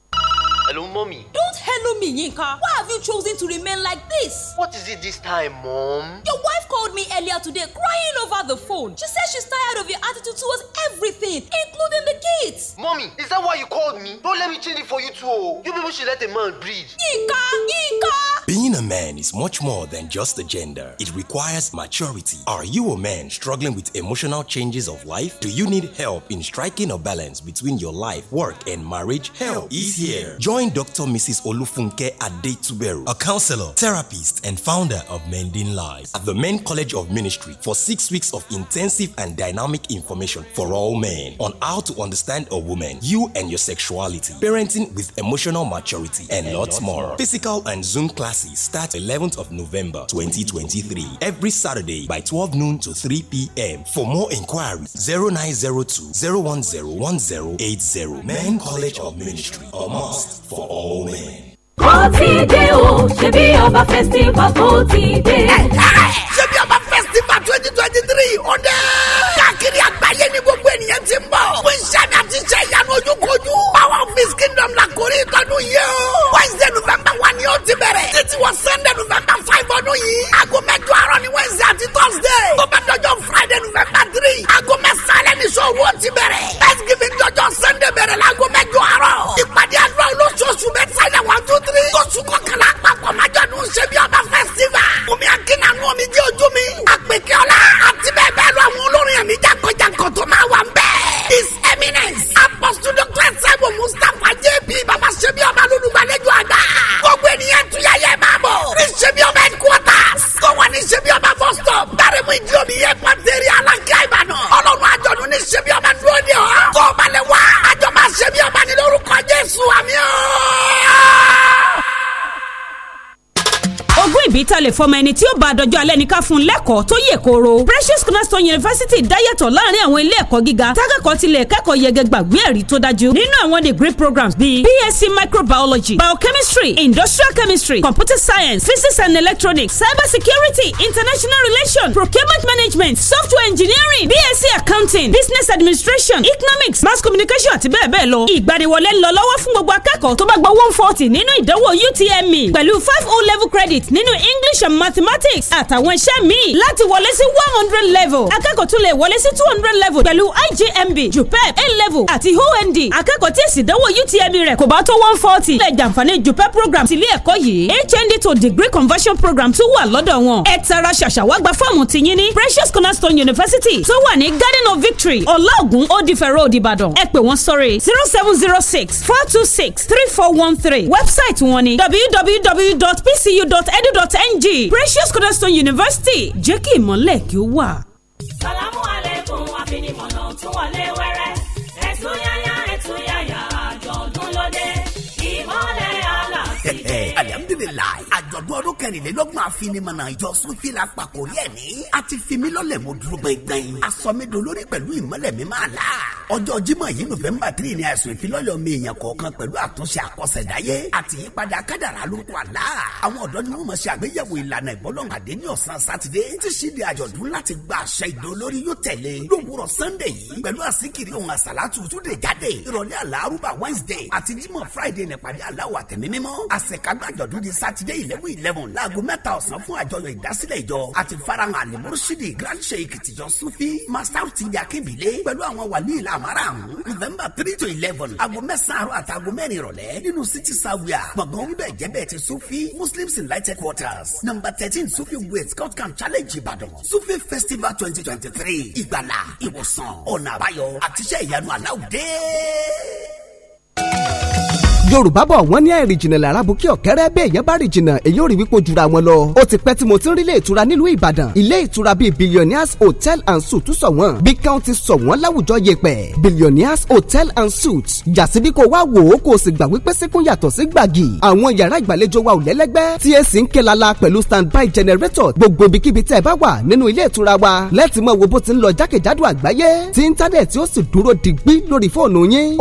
me, Yinka. Why have you chosen to remain like this? What is it this time, Mom? Your wife called me earlier today crying over the phone. She says she's tired of your attitude towards everything, including the kids. Mommy, is that why you called me? Don't let me change it for you too. Oh. You people should let a man breathe. Yinka! Yinka! Being a man is much more than just a gender. It requires maturity. Are you a man struggling with emotional changes of life? Do you need help in striking a balance between your life, work, and marriage? Help is here. Join Dr. Mrs. Olufun Funke Adetuberu, a counselor, therapist, and founder of Mending Lives at the Men College of Ministry for six weeks of intensive and dynamic information for all men on how to understand a woman, you and your sexuality, parenting with emotional maturity, and, and lots, more. more. Physical and Zoom classes start 11th of November 2023 every Saturday by 12 noon to 3 p.m. For more inquiries, 0902 010 1080. Men College of Ministry, a must for all men. ó ti dé o ṣebí ọba festival tó ti dé. ṣebí ọba festival twenty twenty three ó dé. káàkiri àgbáyé ni gbogbo ènìyàn ti ń bọ̀. fún ìṣàmì àti iṣẹ́ ìyanu ojúkojú. power of his kingdom la kórè ìtọ́dún yìí o. wednesday november one ni ó ti bẹ̀rẹ̀. títí wọ sunday november five ọdún yìí. aago mẹ́jọ àárọ̀ ni wednesday àti thursday. tó bá friday november three. aago mẹ́sàn-án lẹ́ni sọ̀rọ̀ ó ti bẹ̀rẹ̀. ìbítalẹ̀ fọmọ ẹni tí ó bá àdọ́jọ́ alẹ́ ní fún lẹ́kọ̀ọ́ tó yè kooro precious Cornerstone University dáyàtọ̀ láàrin àwọn ilé ẹ̀kọ́ gíga tákàkọ́ tilẹ̀ kẹ́kọ̀ọ́ yege gbàgbé ẹ̀rí tó dájú nínú àwọn degree programs bíi BSc microbiology biochemistry industrial chemistry computer science physics and electronics cyber security international relations procurement management software engineering BSc accounting business administration economics mass communication àti bẹ́ẹ̀ bẹ́ẹ̀ lọ ìgbaniwọlé ń lọ lọ́wọ́ fún gbogbo akẹ́kọ̀ọ́ tó bá gba one forty nínú ìdánwò UTME pẹ̀lú five o level credit nínú English and mathematics àtàwọn iṣẹ́ míì láti wọlé sí one hundred level level akẹ́kọ̀ọ́ tún lè wọlé sí two hundred level pẹ̀lú IJMB JUPEP A level àti OND akẹ́kọ̀ọ́ tí èsì ìdánwò UTME rẹ̀ kò bá tó one forty lè jàǹfààní JUPEP program tìlé ẹ̀kọ́ yìí HND to degree conversion program tún wà lọ́dọ̀ wọn ẹ tara ṣàṣàwá gba fọ́ọ̀mù tìyín ní Precious Cornerstone University tó wà ní Garden of Victory ọláògùn òdìfẹ̀rọ̀ òdìbàdàn ẹ pè wọ́n sórí zero seven zero six four two six three four one three website wọn ni www.pcu.edu.ng Precious Cornerstone University jẹ́ kí ìmọ̀lẹ̀ kí ó wà. salamu aleykum àfinimọ̀. ọdún kẹrìnlélọ́gbọ̀n àfinimọ̀nà ìjọ sunfil àpapọ̀ rí ẹ̀mí. a ti fi mí lọ́lẹ̀ mo dúró gbẹ̀ngbẹ̀n. asọ́mídò lórí pẹ̀lú ìmọ́lẹ̀ mi máa la. ọjọ́ Jímọ̀ yìí nọ́fẹ̀mbà tírì ni àìsàn ìfilọ́lẹ̀ ọmọ èèyàn kọ̀ọ̀kan pẹ̀lú àtúnṣe àkọsẹ̀dáyé àti ìyípadà kádàrá lórúkọ àlá. àwọn ọ̀dọ́ ni wọ́n máa ṣe àgbéyẹ̀wò ìlànà ìbọ́lọ́màdé ní ọ̀sán sátidé tí ṣíde àjọ̀dún láti gba àṣẹ ìdólórí yóò tẹ̀lé lówùrọ̀ sunday yìí pẹ̀lú àsìkiri ohun àsàlátù túnde jáde ìrọ̀lẹ́ àlárúbà wednesday àti Jímọ̀ friday nípàdé aláwọ̀ àtẹ̀mímímọ́ àṣẹkágbàjọ̀dún di sátidé eleven láago mẹ́ta ọ̀sán fún àjọyọ̀ ìdásílẹ̀ ìjọ àti farahàn alimursidi grand sheik tìjọ sufi master tìjọ pẹ̀lú àwọn wàlíì ìlà àmàràn november three to eleven aago mẹ́sàn-án àrò àtàgọ́ mẹ́rin ìrọ̀lẹ́ nínú city sawia gbọ̀ngàn bẹ̀ jẹ́bẹ̀ ti sufi muslims in lighted quarters. number thirteen sufi way scott camp challenge ìbàdàn sufi festival twenty twenty three ìgbàlà ìwòsàn ọ̀nà àbáyọ àtiṣe ìyanu aláwùdé yorùbá bọ̀ wọ́n ní àìrìnjìnà lára bukí ọ̀kẹ́rẹ́ bí èèyàn bá rìnjìnà èyí ò rí wípé jura wọn lọ. ó ti pẹ́ tí mo ti ń rí ilé ìtura nílùú ìbàdàn ilé ìtura bíi billionaires hotel and suites sọ wọ́n bí káwọn sọ wọ́n láwùjọ yẹpẹ̀ billionaires hotel and suites yàtí bí kò wá wò ó kò sì gbà wípé síkún yàtọ̀ sí gbàgì àwọn yàrá ìgbàlejò wa ò lẹ́lẹ́gbẹ́ tí èsì standby generator gbogbo ibikíbi tẹ́ ẹ bá wà nínú ilé ìtura wa lẹ́tì mọ́ wo bó ti ń lọ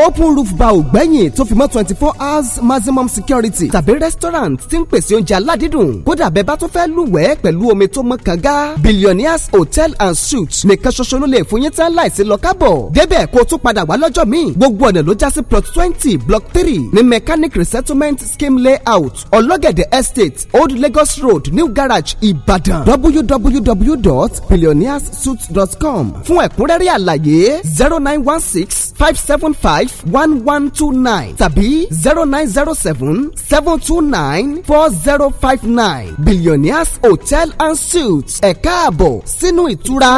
open roof bar ò gbẹ́yìn twenty four house maximum security tàbí restaurant tí ń pèsè oúnjẹ aládídùn kódà bẹ́ẹ̀ bá tún fẹ́ lúwẹ̀ẹ́ pẹ̀lú omi tó mọ́ kànga billionaires hotel and suites nìkan ṣoṣo ló lè fún yín tán láìsí lọ kábọ̀ débẹ̀ kó o tún padà wá lọ́jọ́ míì gbogbo ọ̀nà ló já sí plot twenty block three ní mechanic resettlement scheme layout ọlọ́gẹ̀dẹ̀ estate old lagos road new garage ìbàdàn www.billionairessuites.com fún ẹ̀kúnrẹ́rẹ́ àlàyé zero nine one six five seven five one one two nine tàbí zero zero nine zero seven seven two nine four zero five nine billionaires hotel and suites ẹ̀ka àbọ̀ sínú ìtura.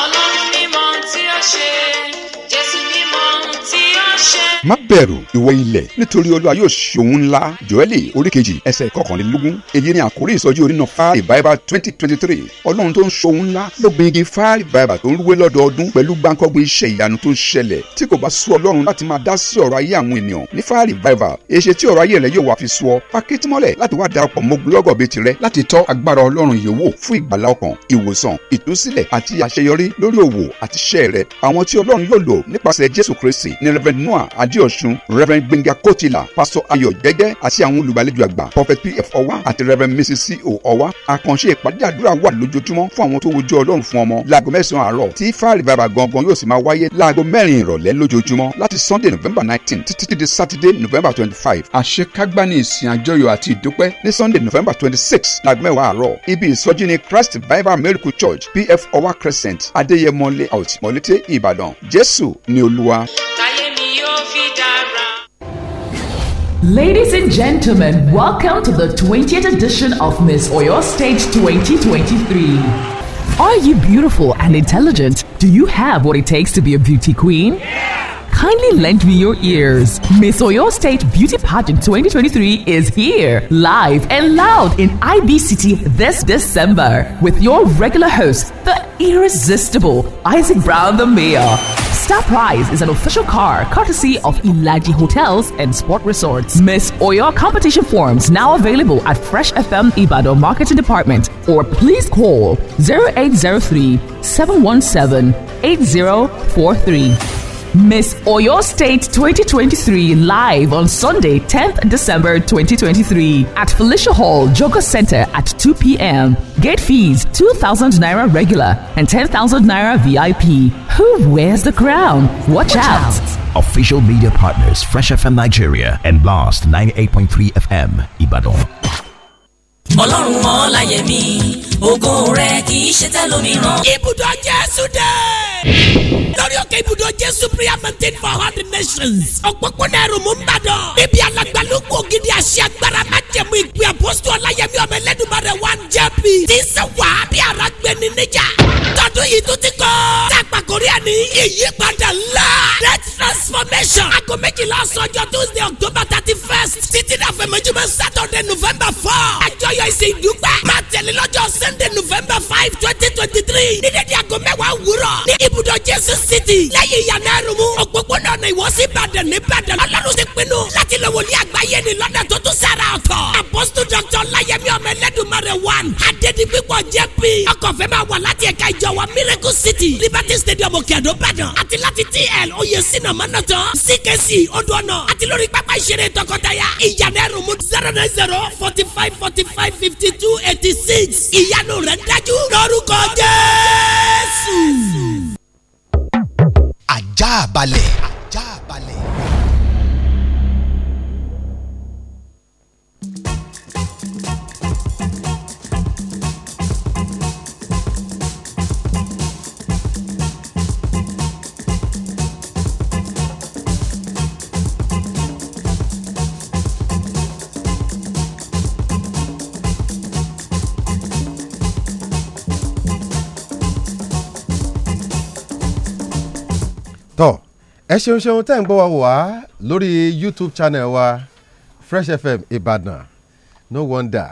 ọlọ́run mímọ̀ tí ó ṣe má bẹ̀rù ìwọ ilẹ̀ nítorí olúwa yóò ṣe òun ńlá jọ́ẹ́lì oríkejì ẹsẹ̀ kọkànlélógún èyí ni àkórí ìsọjí onínà five bible twenty twenty three ọlọ́run tó ń ṣe òun ńlá ló gbin igi five bible tó ń rúwé lọ́dọọdún pẹ̀lú gbáǹkọ́gbìn iṣẹ́ ìyanu tó ń ṣẹlẹ̀ tí kò bá sú ọlọ́run láti máa dá sí ọ̀rọ̀ ayé àwọn ènìyàn ní five bible èṣe tí ọ̀rọ̀ ayé rẹ̀ yóò wá fi sú ọ pakétímọ́lẹ̀ láti wá darapọ̀ mọ́ blọ́gọ̀ bíi tirẹ̀ láti tọ́ agbára ọlọ́run yìí wò fún ìgbàlá ọkàn ìwòsàn ìtúsílẹ̀ àti àṣeyọrí lórí òwò àti iṣẹ́ rẹ̀ àwọn tí ọlọ́run yóò lò adéọ̀sùn reverend gbẹ̀ngà kòtìlà pastor ayọ̀ jẹ́jẹ́ àti àwọn olùgbàlejò àgbà prophet pf ọwá àti reverend mrs C O ọwá àkànṣe ìpàdé àdúrà wà lójoojúmọ́ fún àwọn tó wojú ọlọ́run fún ọmọ láago mẹ́sàn-án àárọ̀ tí fáàrí bàbà gangan yóò sì máa wáyé láago mẹ́rin ìrọ̀lẹ́ lójoojúmọ́ láti sunday november nineteen títí di saturday november twenty-five àṣekágbá ní ìsìn àjọyọ̀ àti ìdúpẹ́ ní sunday november twenty-six láago mẹ́wàá àárọ̀ ibi ìsọjí ní christ bible miracle church pf ọwá crescent adéyẹmọ layout mọ̀lété ìbàdàn jésù ni olúwa. Ladies and gentlemen, welcome to the 20th edition of Miss Oyo State 2023. Are you beautiful and intelligent? Do you have what it takes to be a beauty queen? Yeah! Kindly lend me your ears. Miss Oyo State Beauty Pageant 2023 is here, live and loud in IB City this December with your regular host, the irresistible Isaac Brown, the mayor. Star Prize is an official car courtesy of Ilaji Hotels and Sport Resorts. Miss Oyo competition forms now available at Fresh FM Ibado Marketing Department or please call 0803 717 8043. Miss Oyo State 2023 live on Sunday, 10th December 2023 at Felicia Hall, Joker Center at 2 p.m. Gate fees 2,000 naira regular and 10,000 naira VIP. Who wears the crown? Watch, Watch out. out. Official media partners Fresh FM Nigeria and Blast 98.3 FM Ibadan. ògo rẹ̀ kì í ṣe tẹlòmíràn. ibùdó jésù dé. lórí òkè ibùdó jésù prayer mountain for all the nations. òpópónà ẹrù mú nbàdàn. bíbí alàgbàlógún ògidì àṣẹ agbára májẹ̀mú ìpè àpòsù ọláyẹmí ọmọ ẹlẹ́dùnmarè one jp. tí ń sẹ́ wàá bí ara gbẹni níjà. tọdún yìí tó ti kọ́. tá a pàkórí ẹ̀ ní ìyípadà ńlá. great transformation. aago méjìlá ọ̀sán ọjọ́ tuesday october thirty first. títí náà fẹ̀mẹ́júmọ́ saturday november four. àjọyọ̀ ìsìn ìdúpẹ́. máa tẹ̀lé lọ́jọ́ sẹ́ Sunday November five twenty twenty three ní dédé aago mẹ́wàá wúrọ̀ ní ibùdó Jésù City lẹ́yìn ìyànà ẹrùmú òpópónà ọ̀nà ìwọ́sí Ìbàdàn ní Ìbàdàn Ọlọ́run ti pinnu láti lọ wòlíì àgbáyé ní lọ́dọ̀ tó tún sára ọ̀tọ̀ Apostle Dr. Ọláyẹmí ọmọ Ẹlẹ́dùmarè one Adédìpípọ̀ JP ọkọ̀fẹ́ máa wà láti ẹ̀ka ìjọ wa Miracle City Liberty Stadium Òkèàdó Ìbàdàn àti láti TL Oyèsínà Mọ́nàtọ́ CKC Odò Ọ̀nà àti lórí pápá ìṣeré tọkọtaya ìyànà ẹrùmú zero zero forty five forty five fifty two eighty six ìyá àánú rẹ̀ dájú lórúkọ Jésù. ajá balẹ̀. ẹ ṣeun ṣeun tẹ́ ń gbọ́ wa wá lórí YouTube channel wa Fresh FM Ìbàdàn no wonder